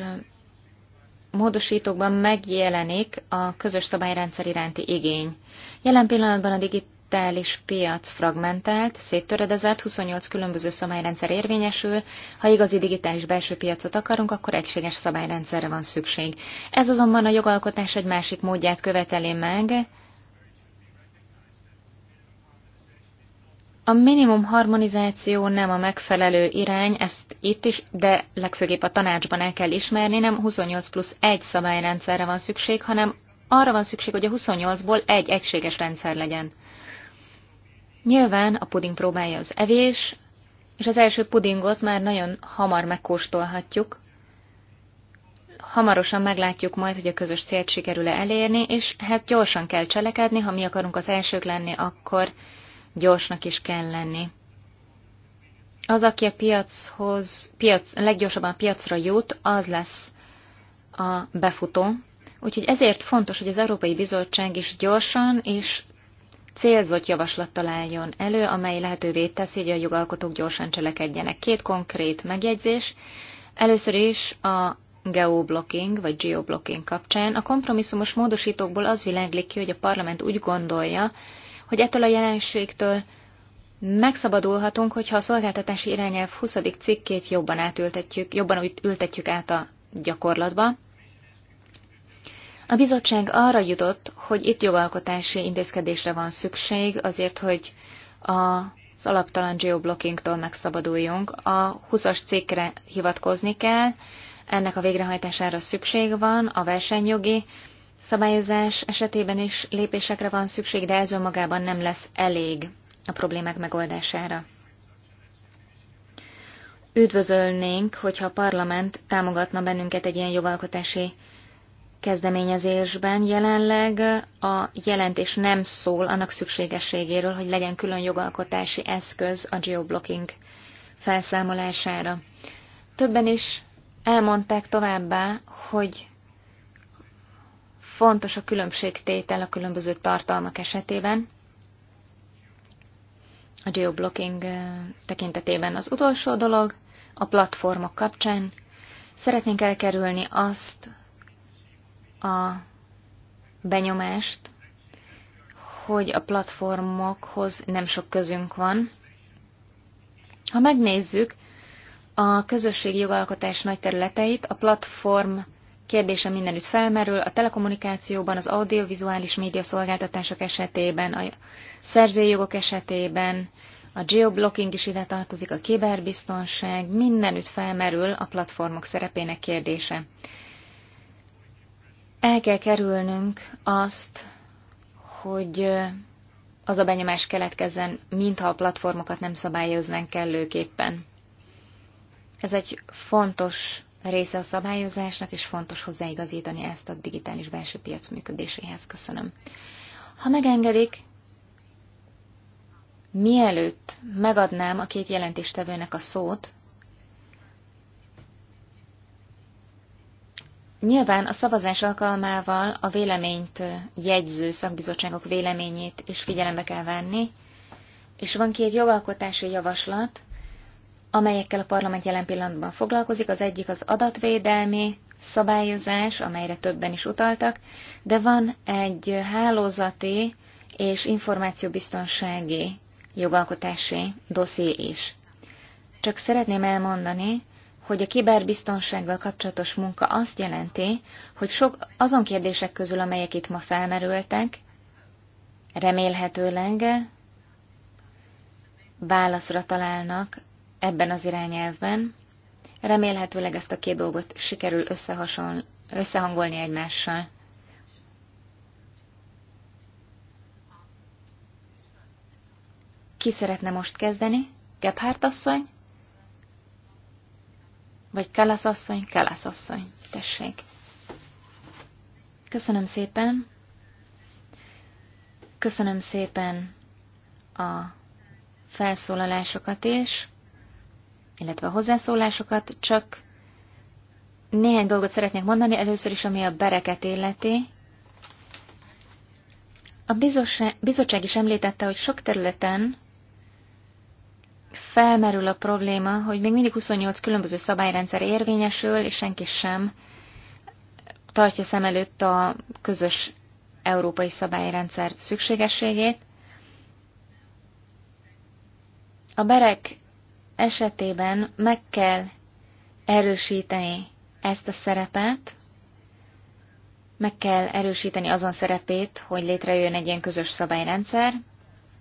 módosítókban megjelenik a közös szabályrendszer iránti igény. Jelen pillanatban a digit digitális piac fragmentált, széttöredezett, 28 különböző szabályrendszer érvényesül. Ha igazi digitális belső piacot akarunk, akkor egységes szabályrendszerre van szükség. Ez azonban a jogalkotás egy másik módját követeli meg, A minimum harmonizáció nem a megfelelő irány, ezt itt is, de legfőképp a tanácsban el kell ismerni, nem 28 plusz 1 szabályrendszerre van szükség, hanem arra van szükség, hogy a 28-ból egy egységes rendszer legyen. Nyilván a puding próbálja az evés, és az első pudingot már nagyon hamar megkóstolhatjuk. Hamarosan meglátjuk majd, hogy a közös célt sikerül-e elérni, és hát gyorsan kell cselekedni, ha mi akarunk az elsők lenni, akkor gyorsnak is kell lenni. Az, aki a piachoz, piac, leggyorsabban a piacra jut, az lesz a befutó. Úgyhogy ezért fontos, hogy az Európai Bizottság is gyorsan és célzott javaslattal álljon elő, amely lehetővé teszi, hogy a jogalkotók gyorsan cselekedjenek. Két konkrét megjegyzés. Először is a geoblocking vagy geoblocking kapcsán. A kompromisszumos módosítókból az világlik ki, hogy a parlament úgy gondolja, hogy ettől a jelenségtől megszabadulhatunk, hogyha a szolgáltatási irányelv 20. cikkét jobban átültetjük, jobban ültetjük át a gyakorlatba, a bizottság arra jutott, hogy itt jogalkotási intézkedésre van szükség azért, hogy a az alaptalan geoblockingtól megszabaduljunk. A 20-as cikkre hivatkozni kell, ennek a végrehajtására szükség van, a versenyjogi szabályozás esetében is lépésekre van szükség, de ez önmagában nem lesz elég a problémák megoldására. Üdvözölnénk, hogyha a parlament támogatna bennünket egy ilyen jogalkotási kezdeményezésben jelenleg a jelentés nem szól annak szükségességéről, hogy legyen külön jogalkotási eszköz a geoblocking felszámolására. Többen is elmondták továbbá, hogy fontos a különbségtétel a különböző tartalmak esetében, a geoblocking tekintetében az utolsó dolog, a platformok kapcsán szeretnénk elkerülni azt, a benyomást, hogy a platformokhoz nem sok közünk van. Ha megnézzük a közösségi jogalkotás nagy területeit, a platform kérdése mindenütt felmerül, a telekommunikációban, az audiovizuális média szolgáltatások esetében, a szerzői jogok esetében, a geoblocking is ide tartozik, a kiberbiztonság, mindenütt felmerül a platformok szerepének kérdése. El kell kerülnünk azt, hogy az a benyomás keletkezzen, mintha a platformokat nem szabályoznánk kellőképpen. Ez egy fontos része a szabályozásnak, és fontos hozzáigazítani ezt a digitális belső piac működéséhez. Köszönöm. Ha megengedik, mielőtt megadnám a két jelentéstevőnek a szót, Nyilván a szavazás alkalmával a véleményt jegyző szakbizottságok véleményét is figyelembe kell venni, és van két jogalkotási javaslat, amelyekkel a parlament jelen pillanatban foglalkozik. Az egyik az adatvédelmi szabályozás, amelyre többen is utaltak, de van egy hálózati és információbiztonsági jogalkotási dosszié is. Csak szeretném elmondani, hogy a kiberbiztonsággal kapcsolatos munka azt jelenti, hogy sok azon kérdések közül, amelyek itt ma felmerültek, remélhetőleg válaszra találnak ebben az irányelvben. Remélhetőleg ezt a két dolgot sikerül összehangolni egymással. Ki szeretne most kezdeni? Gebhárt asszony? Vagy Kalasz asszony? Kalasz asszony. Tessék. Köszönöm szépen. Köszönöm szépen a felszólalásokat is, illetve a hozzászólásokat, csak néhány dolgot szeretnék mondani, először is, ami a bereket illeti. A bizottság is említette, hogy sok területen felmerül a probléma, hogy még mindig 28 különböző szabályrendszer érvényesül, és senki sem tartja szem előtt a közös európai szabályrendszer szükségességét. A berek esetében meg kell erősíteni ezt a szerepet, meg kell erősíteni azon szerepét, hogy létrejön egy ilyen közös szabályrendszer,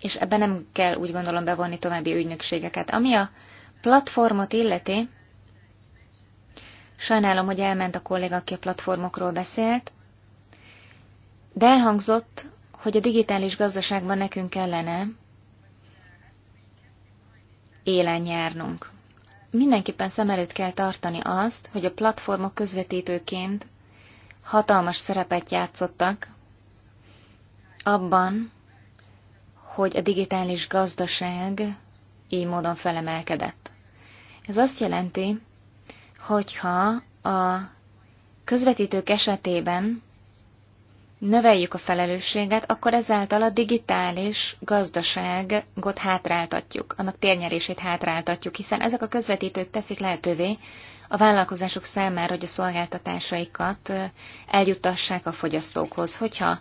és ebben nem kell úgy gondolom bevonni további ügynökségeket. Ami a platformot illeti, sajnálom, hogy elment a kolléga, aki a platformokról beszélt, de elhangzott, hogy a digitális gazdaságban nekünk kellene élen járnunk. Mindenképpen szem előtt kell tartani azt, hogy a platformok közvetítőként hatalmas szerepet játszottak abban, hogy a digitális gazdaság így módon felemelkedett. Ez azt jelenti, hogyha a közvetítők esetében növeljük a felelősséget, akkor ezáltal a digitális gazdaságot hátráltatjuk, annak térnyerését hátráltatjuk, hiszen ezek a közvetítők teszik lehetővé a vállalkozások számára, hogy a szolgáltatásaikat eljuttassák a fogyasztókhoz. Hogyha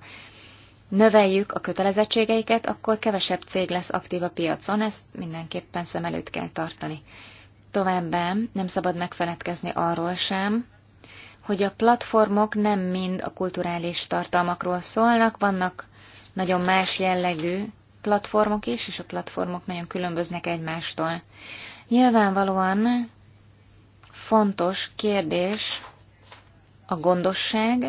növeljük a kötelezettségeiket, akkor kevesebb cég lesz aktív a piacon, ezt mindenképpen szem előtt kell tartani. Továbbá nem szabad megfeledkezni arról sem, hogy a platformok nem mind a kulturális tartalmakról szólnak, vannak nagyon más jellegű platformok is, és a platformok nagyon különböznek egymástól. Nyilvánvalóan fontos kérdés a gondosság,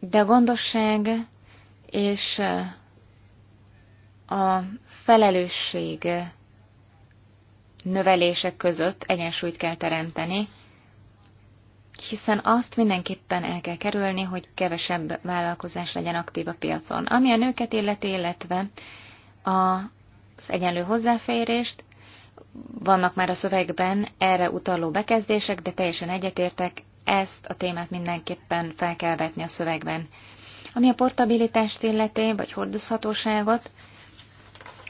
de a gondosság és a felelősség növelések között egyensúlyt kell teremteni, hiszen azt mindenképpen el kell kerülni, hogy kevesebb vállalkozás legyen aktív a piacon. Ami a nőket illeti, illetve az egyenlő hozzáférést, vannak már a szövegben erre utaló bekezdések, de teljesen egyetértek, ezt a témát mindenképpen fel kell vetni a szövegben. Ami a portabilitást illeti, vagy hordozhatóságot,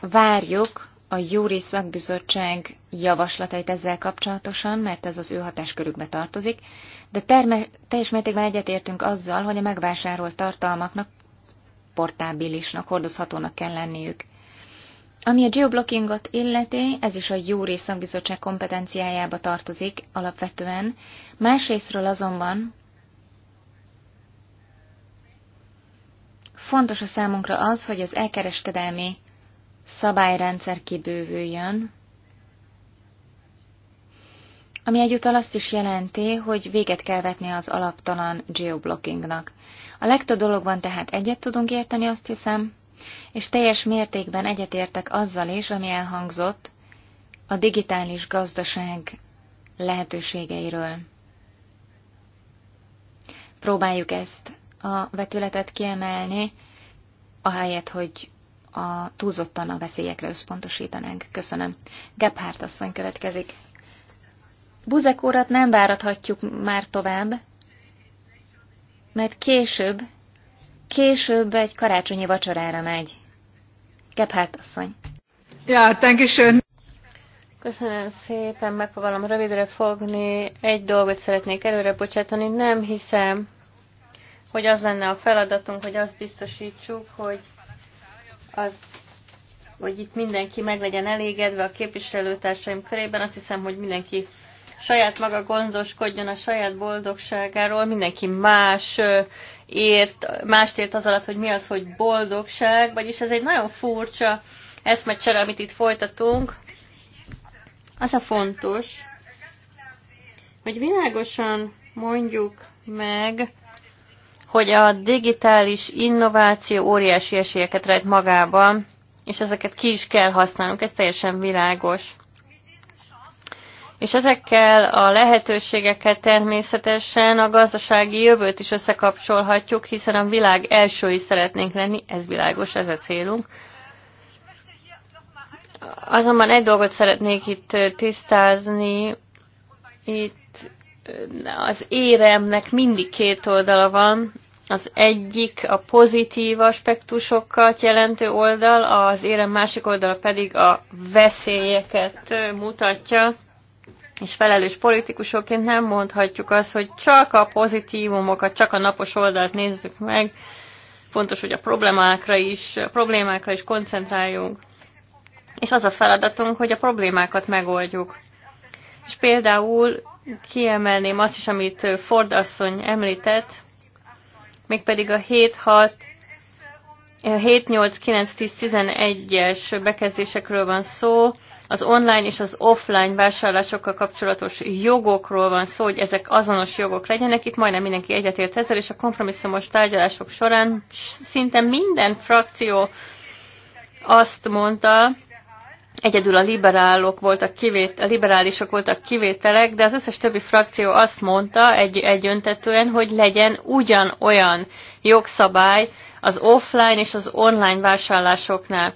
várjuk a Júri Szakbizottság javaslatait ezzel kapcsolatosan, mert ez az ő hatáskörükbe tartozik, de terme, teljes mértékben egyetértünk azzal, hogy a megvásárolt tartalmaknak portábilisnak, hordozhatónak kell lenniük. Ami a geoblockingot illeti, ez is a jó Szakbizottság kompetenciájába tartozik alapvetően, másrésztről azonban Fontos a számunkra az, hogy az elkereskedelmi szabályrendszer kibővüljön, ami egyúttal azt is jelenti, hogy véget kell vetni az alaptalan geoblockingnak. A legtöbb dologban tehát egyet tudunk érteni, azt hiszem, és teljes mértékben egyetértek azzal is, ami elhangzott a digitális gazdaság lehetőségeiről. Próbáljuk ezt a vetületet kiemelni, ahelyett, hogy a túlzottan a veszélyekre összpontosítanánk. Köszönöm. Gebhardt asszony következik. Buzek urat nem várathatjuk már tovább, mert később, később egy karácsonyi vacsorára megy. Gebhardt asszony. Ja, dankeschön. Köszönöm szépen, megpróbálom rövidre fogni. Egy dolgot szeretnék előre bocsátani. Nem hiszem, hogy az lenne a feladatunk, hogy azt biztosítsuk, hogy, az, hogy itt mindenki meg legyen elégedve a képviselőtársaim körében. Azt hiszem, hogy mindenki saját maga gondoskodjon a saját boldogságáról, mindenki más ért, mást ért az alatt, hogy mi az, hogy boldogság, vagyis ez egy nagyon furcsa eszmecsere, amit itt folytatunk. Az a fontos, hogy világosan mondjuk meg, hogy a digitális innováció óriási esélyeket rejt magában, és ezeket ki is kell használnunk, ez teljesen világos. És ezekkel a lehetőségekkel természetesen a gazdasági jövőt is összekapcsolhatjuk, hiszen a világ elsői szeretnénk lenni, ez világos, ez a célunk. Azonban egy dolgot szeretnék itt tisztázni, itt az éremnek mindig két oldala van. Az egyik a pozitív aspektusokat jelentő oldal, az érem másik oldala pedig a veszélyeket mutatja. És felelős politikusokként nem mondhatjuk azt, hogy csak a pozitívumokat, csak a napos oldalt nézzük meg. Fontos, hogy a problémákra is, a problémákra is koncentráljunk. És az a feladatunk, hogy a problémákat megoldjuk. És például kiemelném azt is, amit Ford asszony említett, mégpedig a 7-6 7-8-9-10-11-es bekezdésekről van szó, az online és az offline vásárlásokkal kapcsolatos jogokról van szó, hogy ezek azonos jogok legyenek. Itt majdnem mindenki egyetért ezzel, és a kompromisszumos tárgyalások során szinte minden frakció azt mondta, Egyedül a liberálok voltak kivét, a liberálisok voltak kivételek, de az összes többi frakció azt mondta egy, egyöntetően, hogy legyen ugyanolyan jogszabály az offline és az online vásárlásoknál.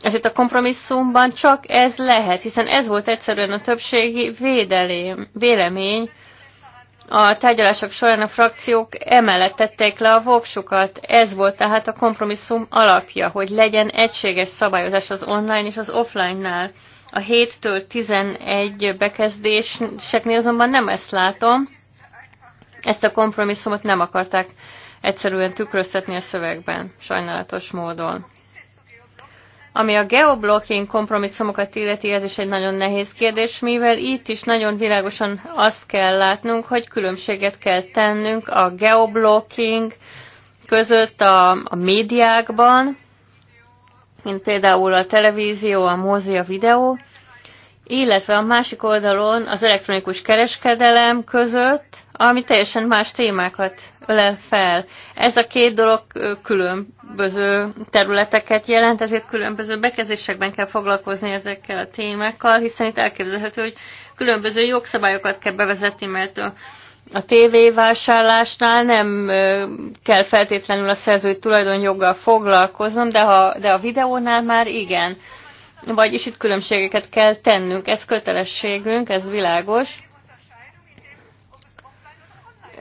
Ezért a kompromisszumban csak ez lehet, hiszen ez volt egyszerűen a többségi védelém, vélemény, a tárgyalások során a frakciók emellett tették le a voksukat. Ez volt tehát a kompromisszum alapja, hogy legyen egységes szabályozás az online és az offline-nál. A 7-től 11 bekezdéseknél azonban nem ezt látom. Ezt a kompromisszumot nem akarták egyszerűen tükröztetni a szövegben, sajnálatos módon. Ami a geoblocking kompromisszumokat illeti, ez is egy nagyon nehéz kérdés, mivel itt is nagyon világosan azt kell látnunk, hogy különbséget kell tennünk a geoblocking között a, a médiákban, mint például a televízió, a mozi, a videó, illetve a másik oldalon az elektronikus kereskedelem között, ami teljesen más témákat ölel fel. Ez a két dolog különböző területeket jelent, ezért különböző bekezdésekben kell foglalkozni ezekkel a témákkal, hiszen itt elképzelhető, hogy különböző jogszabályokat kell bevezetni, mert a a tévévásárlásnál nem kell feltétlenül a szerzői tulajdonjoggal foglalkoznom, de, ha, de a videónál már igen. Vagyis itt különbségeket kell tennünk, ez kötelességünk, ez világos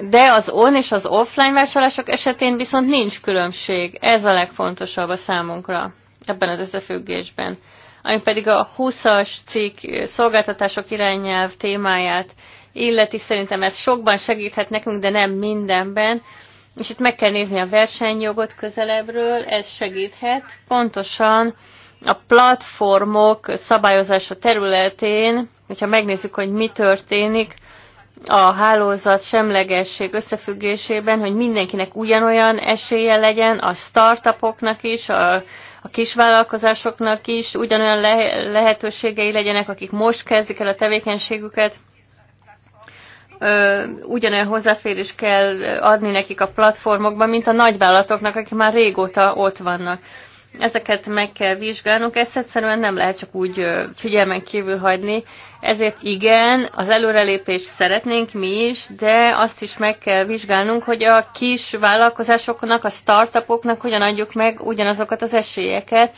de az on és az offline vásárlások esetén viszont nincs különbség. Ez a legfontosabb a számunkra ebben az összefüggésben. Ami pedig a 20-as cikk szolgáltatások irányelv témáját illeti, szerintem ez sokban segíthet nekünk, de nem mindenben. És itt meg kell nézni a versenyjogot közelebbről, ez segíthet. Pontosan a platformok szabályozása területén, hogyha megnézzük, hogy mi történik, a hálózat semlegesség összefüggésében, hogy mindenkinek ugyanolyan esélye legyen, a startupoknak is, a, a kisvállalkozásoknak is ugyanolyan le, lehetőségei legyenek, akik most kezdik el a tevékenységüket. ugyanolyan hozzáférés kell adni nekik a platformokban, mint a nagyvállalatoknak, akik már régóta ott vannak ezeket meg kell vizsgálnunk, ezt egyszerűen nem lehet csak úgy figyelmen kívül hagyni. Ezért igen, az előrelépést szeretnénk mi is, de azt is meg kell vizsgálnunk, hogy a kis vállalkozásoknak, a startupoknak hogyan adjuk meg ugyanazokat az esélyeket.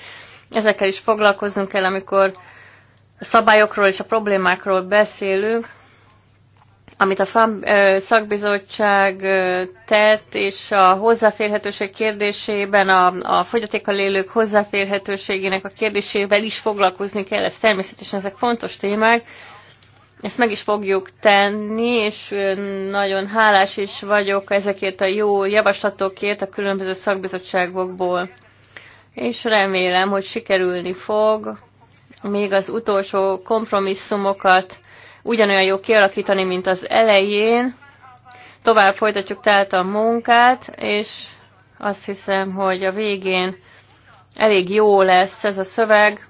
Ezekkel is foglalkoznunk kell, amikor szabályokról és a problémákról beszélünk, amit a FAM szakbizottság tett, és a hozzáférhetőség kérdésében, a, a fogyatékkal élők hozzáférhetőségének a kérdésével is foglalkozni kell, ez természetesen ezek fontos témák, ezt meg is fogjuk tenni, és nagyon hálás is vagyok ezekért a jó javaslatokért a különböző szakbizottságokból. És remélem, hogy sikerülni fog még az utolsó kompromisszumokat ugyanolyan jó kialakítani, mint az elején. Tovább folytatjuk tehát a munkát, és azt hiszem, hogy a végén elég jó lesz ez a szöveg,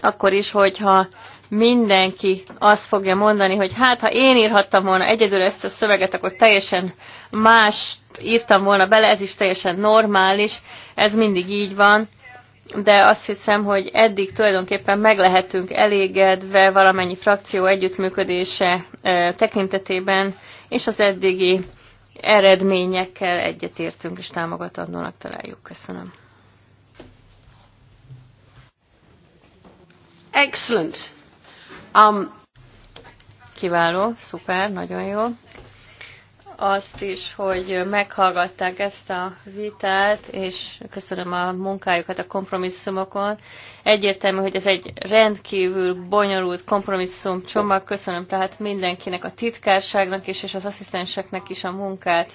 akkor is, hogyha mindenki azt fogja mondani, hogy hát, ha én írhattam volna egyedül ezt a szöveget, akkor teljesen más írtam volna bele, ez is teljesen normális, ez mindig így van de azt hiszem, hogy eddig tulajdonképpen meg lehetünk elégedve valamennyi frakció együttműködése e, tekintetében, és az eddigi eredményekkel egyetértünk és támogatandónak találjuk. Köszönöm. Excellent. Um, Kiváló, szuper, nagyon jó azt is, hogy meghallgatták ezt a vitát, és köszönöm a munkájukat a kompromisszumokon. Egyértelmű, hogy ez egy rendkívül bonyolult kompromisszum csomag. Köszönöm tehát mindenkinek, a titkárságnak is, és az asszisztenseknek is a munkát.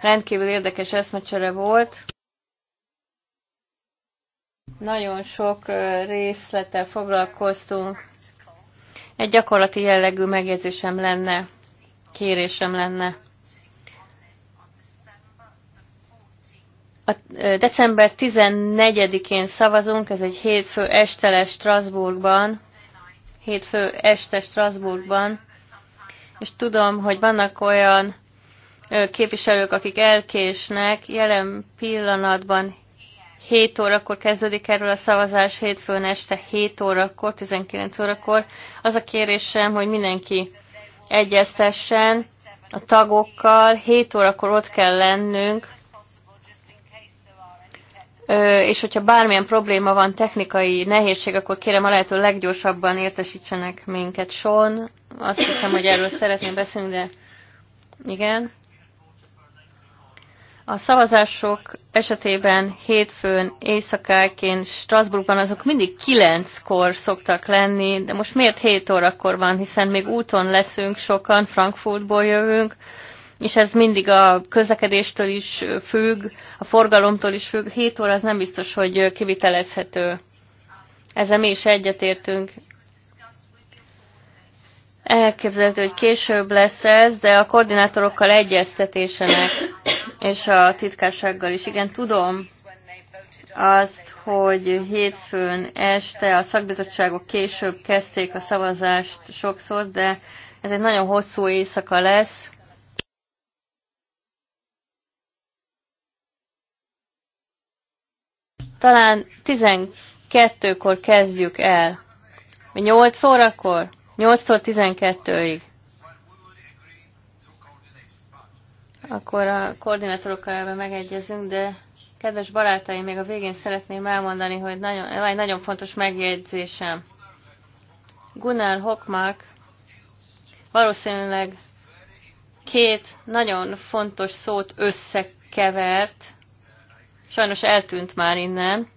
Rendkívül érdekes eszmecsere volt. Nagyon sok részlettel foglalkoztunk. Egy gyakorlati jellegű megjegyzésem lenne kérésem lenne. A december 14-én szavazunk, ez egy hétfő este lesz Strasbourgban, hétfő este Strasbourgban, és tudom, hogy vannak olyan képviselők, akik elkésnek, jelen pillanatban 7 órakor kezdődik erről a szavazás, hétfőn este 7 órakor, 19 órakor. Az a kérésem, hogy mindenki egyeztessen a tagokkal, 7 órakor ott kell lennünk, és hogyha bármilyen probléma van, technikai nehézség, akkor kérem a lehető leggyorsabban értesítsenek minket. Sean, azt hiszem, hogy erről szeretném beszélni, de igen. A szavazások esetében hétfőn, éjszakáként, Strasbourgban azok mindig kilenckor szoktak lenni, de most miért hét órakor van, hiszen még úton leszünk sokan, Frankfurtból jövünk, és ez mindig a közlekedéstől is függ, a forgalomtól is függ. Hét óra az nem biztos, hogy kivitelezhető. Ezzel mi is egyetértünk. Elképzelhető, hogy később lesz ez, de a koordinátorokkal egyeztetésenek és a titkársággal is. Igen, tudom azt, hogy hétfőn este a szakbizottságok később kezdték a szavazást sokszor, de ez egy nagyon hosszú éjszaka lesz. Talán 12-kor kezdjük el. 8 órakor? 8-tól 12-ig. Akkor a koordinátorokkal ebben megegyezünk, de kedves barátaim, még a végén szeretném elmondani, hogy nagyon, egy nagyon fontos megjegyzésem. Gunnar Hockmark valószínűleg két nagyon fontos szót összekevert, sajnos eltűnt már innen,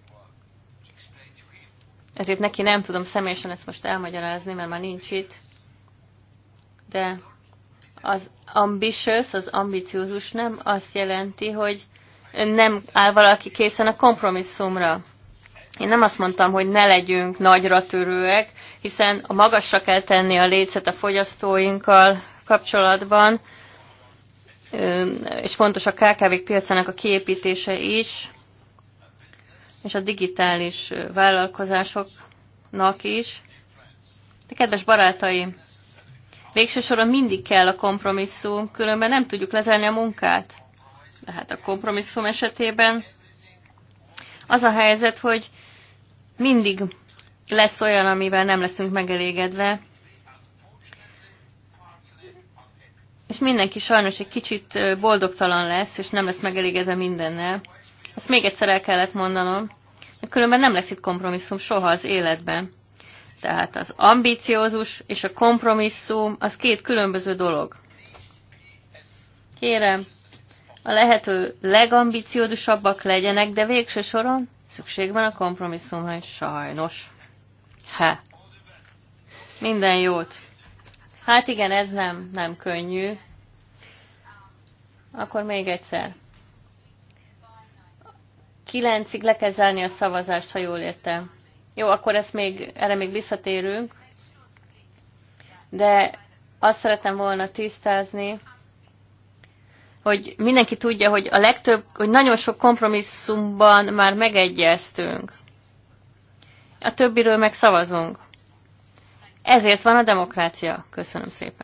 ezért neki nem tudom személyesen ezt most elmagyarázni, mert már nincs itt, de az ambitious, az ambiciózus nem azt jelenti, hogy nem áll valaki készen a kompromisszumra. Én nem azt mondtam, hogy ne legyünk nagyra törőek, hiszen a magasra kell tenni a lécet a fogyasztóinkkal kapcsolatban, és fontos a KKV piacának a kiépítése is, és a digitális vállalkozásoknak is. De kedves barátaim, Végső soron mindig kell a kompromisszum, különben nem tudjuk lezárni a munkát. Tehát a kompromisszum esetében az a helyzet, hogy mindig lesz olyan, amivel nem leszünk megelégedve, és mindenki sajnos egy kicsit boldogtalan lesz, és nem lesz megelégedve mindennel. Ezt még egyszer el kellett mondanom, mert különben nem lesz itt kompromisszum soha az életben. Tehát az ambiciózus és a kompromisszum az két különböző dolog. Kérem, a lehető legambiciózusabbak legyenek, de végső soron szükség van a kompromisszumra is, sajnos. Ha. Minden jót. Hát igen, ez nem, nem könnyű. Akkor még egyszer. Kilencig le kell zárni a szavazást, ha jól értem. Jó, akkor ezt még, erre még visszatérünk, de azt szeretem volna tisztázni, hogy mindenki tudja, hogy a legtöbb, hogy nagyon sok kompromisszumban már megegyeztünk. A többiről meg szavazunk. Ezért van a demokrácia. Köszönöm szépen.